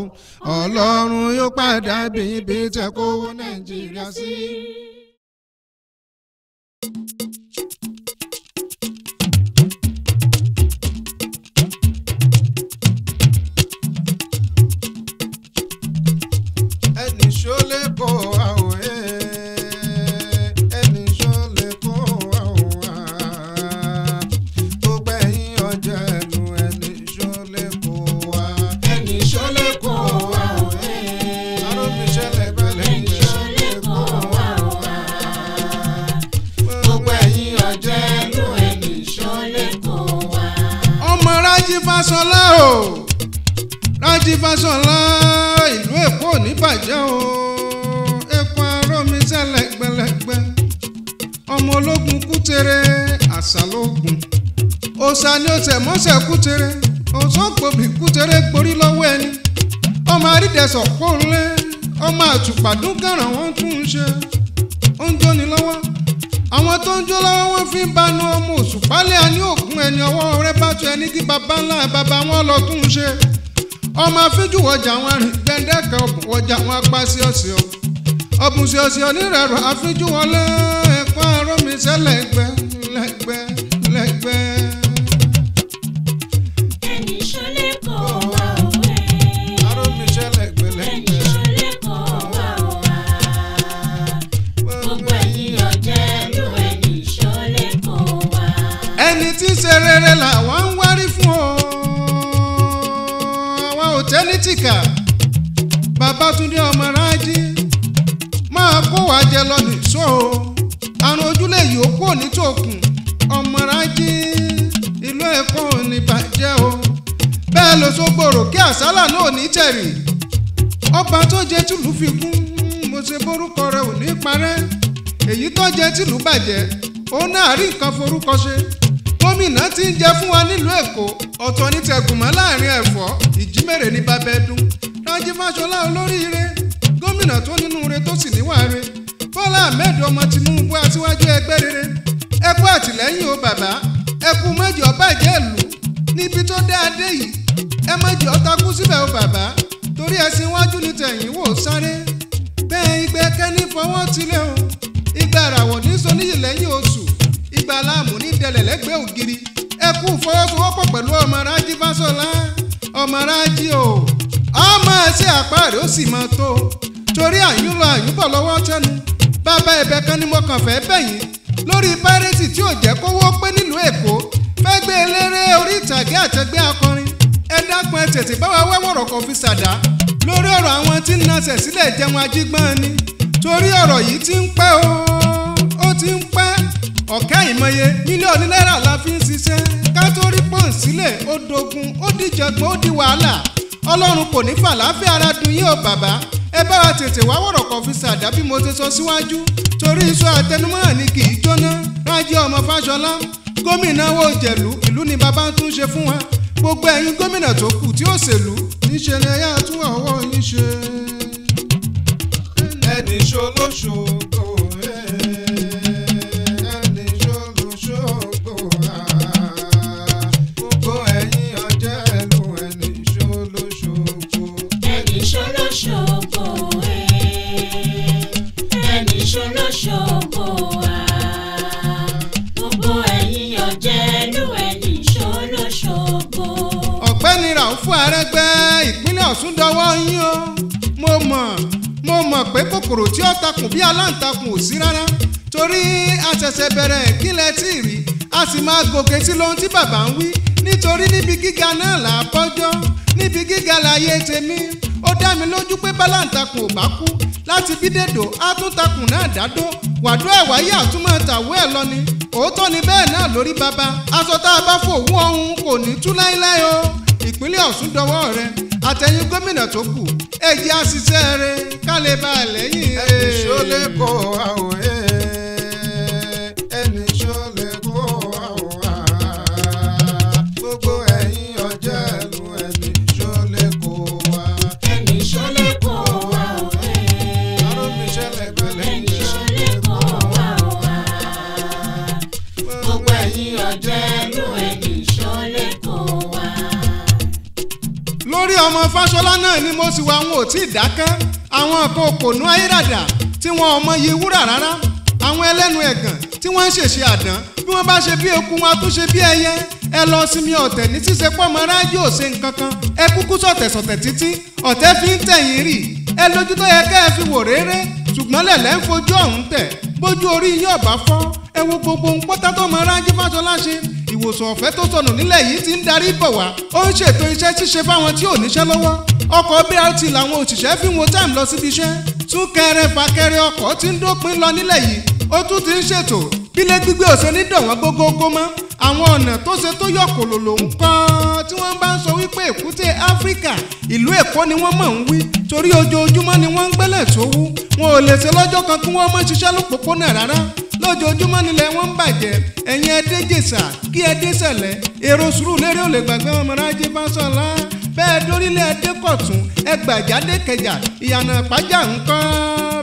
A: ọlọ́run yóò padà bí yín bí tẹ kówó nàìjíríà
B: sí. you
A: o Rájí ìlú Èkó ò ní bàjẹ́ o epo arómi sẹ́lẹ̀ gbẹlẹ́gbẹ́ ọmọ ológun kútere àṣàlógún òṣà ni òṣè mọ́ṣẹ̀ kútere òṣòpòbí kútere gborí lọ́wọ́ ẹni ọmọ àrídẹ̀sọ̀ pòlẹ́ ọmọ àtùpàdún kẹràn wọ́n tún ń ṣe ó ń jóni lọ́wọ́. àwọn tó ń jó lọ́wọ́ wọn fi ń banu ọmọ òṣùpálẹ̀ àní òkun ẹni ọwọ́ rẹ bá tu ẹni kí baba ńlá baba wọn lọ tún ṣe ọmọ afínjú wọjà wọn rìn gbẹ̀ndẹ́kẹ̀ ọ̀bùn wọjà wọn apá sí ọ̀sẹ̀ ọ̀ ọ̀bùn sí ọ̀sẹ̀ onírẹ̀rọ̀ afínjú wọn lẹ́ẹ̀kọ́ àrọ́mi sẹ́lẹ̀gbẹ́ lẹ́gbẹ́ lẹ́gbẹ́. rere làwa ń wárí fún o àwa ò tẹ́ ní tìkà Babátúndé ọmọ rájí máa kó wàá jẹ lọ nìṣó o àrùn ojúlé yìí ó kú òní tòkùn ọmọ rájí ìlú Èkó ò ní bàjẹ́ o bẹ́ẹ̀ ló so gbòòrò kí àsálà náà ní tẹ̀rì ọba tó jẹ tìlú fi kún mo ṣe borúkọ rẹ ò ní parẹ́ èyí tó jẹ tìlú bàjẹ́ òun náà rí nǹkan forúkọ ṣe gómìnà ti ń jẹ fún wa nílùú èkó ọ̀tọ̀ ní tẹ̀gùnmọ́ láàrin ẹ̀fọ́ ìjímèrè ní bábẹ́dún rájí fáṣọlá olóríire gómìnà tó nínú re tó sì níwàre bọ́lá ahmed ọmọ tinubu aṣíwájú ẹgbẹ́ rere ẹ kú àtìlẹ́yìn o bàbá ẹ kú mọ́jì ọbàjẹ́ ìlú níbi tó dé adé yìí ẹ mọ́jì ọtakú síbẹ̀ o bàbá torí ẹsìn iwájú ni tẹ̀yìn wò sáré bẹ́ẹ̀ ìgbẹ́kẹ́ ní fọwọ́ tilẹ̀ o ìgbà àràwọ̀ ní sọ níyì lẹ́yìn oṣù gbígba láàmú ní dẹlẹ̀ lẹ́gbẹ̀ẹ́ ògiri ẹ kú fọwọ́sowọ́pọ̀ pẹ̀lú ọmọ rájí fásọlá ọmọ rájí o ọmọ ẹsẹ̀ àpá rẹ̀ ó sì máa tó torí àyún lọ àyún bọ̀ lọ́wọ́ tẹnu bàbá ẹ̀bẹ̀ kan ni mo kàn fẹ́ bẹ̀yìn lórí pẹ́rẹ́sì tí ò jẹ́ kówó pé nílùú èkó fẹ́ gbé eléré orí ìtàgé àtẹgbẹ́ akọrin ẹ dákun ẹ tètè bá wẹ́wọ̀rọ̀ kan fi ṣàdá lórí ọ̀rọ̀ àwọn tí ń nasẹ̀ sílẹ̀ jẹun ajígbọ́n ni torí ọ̀rọ̀ yìí ti ń pẹ́ o ó ti ń pẹ́ ọ̀kẹ́ ìmọye mílíọ̀nù náírà la fi ń ṣiṣẹ́ ká tó rí pọ́ǹ sílẹ̀ ó dogun ó dìjọ̀gbọ́n ó di wàhálà ọlọ́run kò ní fàlàáfíà ara dùn yín o bàbá ẹ bá wa tètè wá wọ̀rọ̀ kan fi ṣàdá bí mo ṣe sọ síwájú torí iṣu àtẹnumọ́ràn ni kì í jóná rájí ọmọ fáṣọlá gómìnà owó jẹ̀lú ìlú ni bàbá ń tún ṣe fún wa gbogbo ẹ̀yin gómìnà tó kù tí ó ṣèlú níṣẹ́ ni ẹ̀yà tún ọwọ́ yín ṣe. ẹnì ṣolóṣo ọ̀sùn dọwọ́ yín o mo mọ̀ mo mọ̀ pé kòkòrò tí ó takùn bí aláǹtakùn ò sí rárá torí àṣẹ̀ṣẹ̀ bẹ̀rẹ̀ kílẹ̀ tí ì rí a sì máa gòkè sí lohun tí bàbá ń wí nítorí níbi gíga náà là á bọ́jọ́ níbi gíga láyé tèmi ó dá mi lójú pé bálàǹtakùn ò bá kú láti bí dèdò á tún takùn náà dádó wàdó ẹ̀wá yà á tàwé ẹ̀ lọ ni òótọ́ ni bẹ́ẹ̀ náà lórí baba aṣọ tá a bá fò wú ọ̀hún kò ní tú láéláé o ìpínlẹ̀ Ọ̀ṣun dọwọ́ rẹ àtẹ̀yìn gómìnà tó kù ẹ jẹ́ àṣìṣe rẹ ká lè bá a lẹ́yìn rẹ. àwọn ẹ. àwọn Fáṣọlá náà ni mo sì wá wọn ò tí ì dákẹ́ àwọn kan kò nú ayérádà tí wọn ò mọyì wúrà rárá àwọn ẹlẹ́nu ẹ̀gàn tí wọ́n ń ṣèṣe àdán bí wọ́n bá ṣe bí eku wọn tún ṣe bí ẹyẹ ẹ lọ sinmi ọ̀tẹ̀ ní ṣíṣe pọ́nmọ́ra yóò ṣe nǹkan kan ẹ kúkú sọ̀tẹ̀ sọ̀tẹ̀ títí ọ̀tẹ̀ fi ń tẹ̀yìn rì ẹ lójú tó yẹ kẹ́ ẹ fi wò réré ṣùgbọ́n lẹ̀lẹ́ ń fojú ọ̀hún tẹ̀ bójú orí yín ọ̀bá fọ́ ẹ wo gbogbo ń tó mọ rájí Fáṣọlá ṣe ìwòsàn ọ̀fẹ́ tó sọnù nílẹ̀ yìí ti ń darí bọ̀ wá ó ń ṣètò iṣẹ́ ṣíṣe fáwọn tí ò níṣẹ́ lọ́wọ́ ọkọ̀ BRT làwọn òṣìṣẹ́ fi wọn time lọ síbi iṣẹ́ tún kẹrẹ fàkẹrẹ ọkọ̀ tí ń dópin lọ nílẹ̀ yìí ó tún ti ń ṣètò bílé gbígbé òṣè ní dọ̀wọ́n gógógó mọ́ àwọn ọ̀nà tó ṣe tó yọ kòlòlò ń kàn tí wọ́n bá ń sọ wípé èkúté áfíríkà ìlú èkó ni wọ́n mọ̀ ń wí torí ojoojúmọ́ ni wọ́n ń gbẹ́lẹ̀ sówú wọn ò lè ṣe lọ́jọ́ kan kí wọ́n mọ̀ ṣiṣẹ́ lópòpónà rárá lójoojúmọ́ nílẹ̀ wọ́n ń bàjẹ́ ẹ̀yin ẹ̀dẹ́jẹsà kí ẹ̀dẹ́sẹ̀lẹ̀ èrò sùúrù lérè ò lè gbàgbé ọmọ rájí bá sọ̀lá bẹ́ẹ̀ dórílẹ̀ ẹ̀dẹ́kọ̀tún ẹgbàjáde kẹjà ìyànà pàjá nǹkan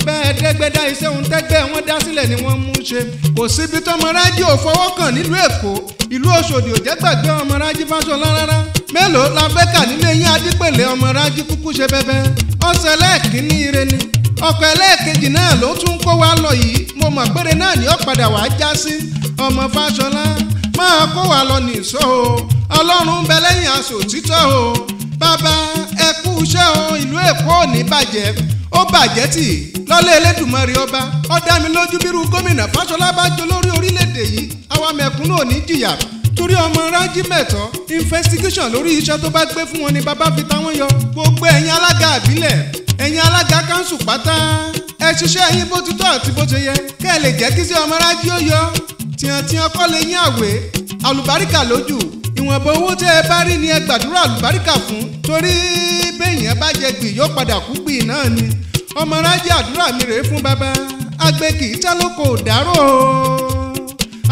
A: bẹ́ẹ̀ dẹ́gbẹ́dá iṣẹ́ òun tẹ́gbẹ́ wọn dá sílẹ̀ ni wọ́n mú ṣe kò síbi tọmọ ò fọwọ́ kàn nílùú èkó ìlú Ọ̀ṣọ́dì ò gbàgbé ọmọ mélòó la fẹ́ kà nílé yín kúkú ṣe bẹ́bẹ́ ọkọ̀ ẹlẹ́ẹ̀kejì náà ló tún kó wa lọ yìí mo mọ̀ péré náà ní ọ̀padà wàá já sí ọmọ Fáṣọlá máa kó wa lọ nìṣó o ọlọ́run bẹ lẹ́yìn aṣòtítọ́ o bàbá ẹ kú iṣẹ́ o ìlú Èkó ò ní bàjẹ́ ó bàjẹ́ tì lọ́lẹ́ Elédùmarè ọba ó dá mi lójú bírú gómìnà Fáṣọlá bá jọ lórí orílẹ̀-èdè yìí àwa mẹ̀kúnnù ò ní jìyà torí ọmọ rájí mẹ́tọ́ investigation lórí iṣẹ́ tó bá gbé fún wọn ni bàbá fi táwọn yọ gbogbo ẹ̀yin alága àbílẹ̀ ẹ̀yin alága kanṣu pátá ẹ ṣiṣẹ́ yín bó ti tọ́ àti bó ṣe yẹ kẹ́ ẹ lè jẹ́ kí sí ọmọ rájí ó yọ tìǹtìǹ kọ́ lè yín àwẹ̀ àlùbáríkà lójú ìwọ̀nba owó tẹ́ ẹ bá rí ni ẹ gbàdúrà àlùbáríkà fún torí béèyàn bá jẹ gbì yóò padà kú gbì náà ni ọmọ rájí àdúrà mi rèé fún bàbá agbe kì í tẹ́ lóko dárò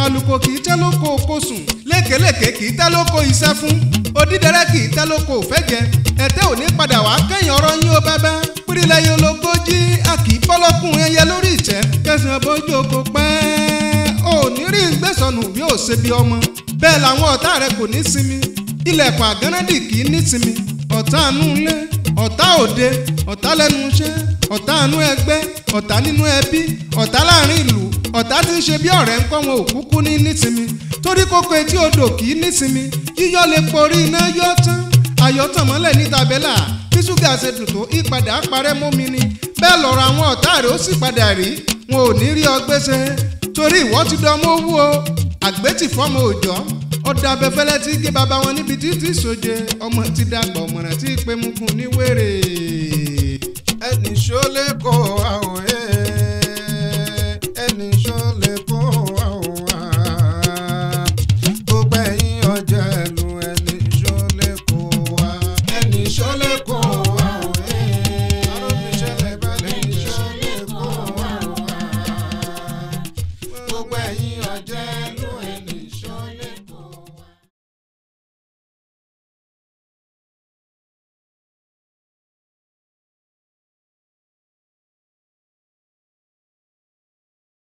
A: alùkò kì í tẹ́ lóko kosùn lékelèké kì í tẹ́ lóko iṣẹ́ fún odídẹrẹ́ kì í tẹ́ lóko òfẹ́jẹ ẹ̀tẹ́ ò ní padà wá kẹ́yìn ọ̀rọ̀ yín ó bábá pírílẹ̀ yín ológójì a kì í bọ́lọ́kùnrin ẹyẹ lórí ìtẹ́ kẹsàn-án bójú oko pẹ́ ò ní rí ìgbésọ̀nù bí ó ṣe bí ọmọ bẹ́ẹ̀ làwọn ọ̀tá rẹ kò ní sinmi ilẹ̀kùn àgánádì kì í ní sinmi ọ̀tá àánú ilé ọ̀tá òde ọ̀tá lẹ́nu iṣẹ́ ọ̀tá àánú ẹgbẹ́ ọ̀tá nínú ẹbí ọ̀tá láàrin ìlú ọ̀tá tí ń ṣe bí ọ̀rẹ́ ń kọ́ wọn òkúkú ní nísinmi torí kókó etí odò kì í nísinmi yíyọ́ lè porí iná yọ́ tán ayọ̀ tàn mọ́lẹ̀ níta bẹ́là bí ṣúgà ṣe dùn tó ìpadà parẹ́ mómi ni bẹ́ẹ̀ lọ́rọ̀ àwọn ọ̀tá rẹ̀ ó sì padà rí wọn ò ní rí ọgbẹ́ ṣe torí ìwọ ti dánmọ́ owó o àgbẹ̀tì fọ́mọ òòjọ́ ọ̀dà abẹ́fẹ́lẹ́ ti gé bàbá wọn níbi títí ìsoje ọmọ ti dàgbà ọ̀mọ̀ràn tí ìpè ní wèrè ẹnì ṣó lè kó àwọn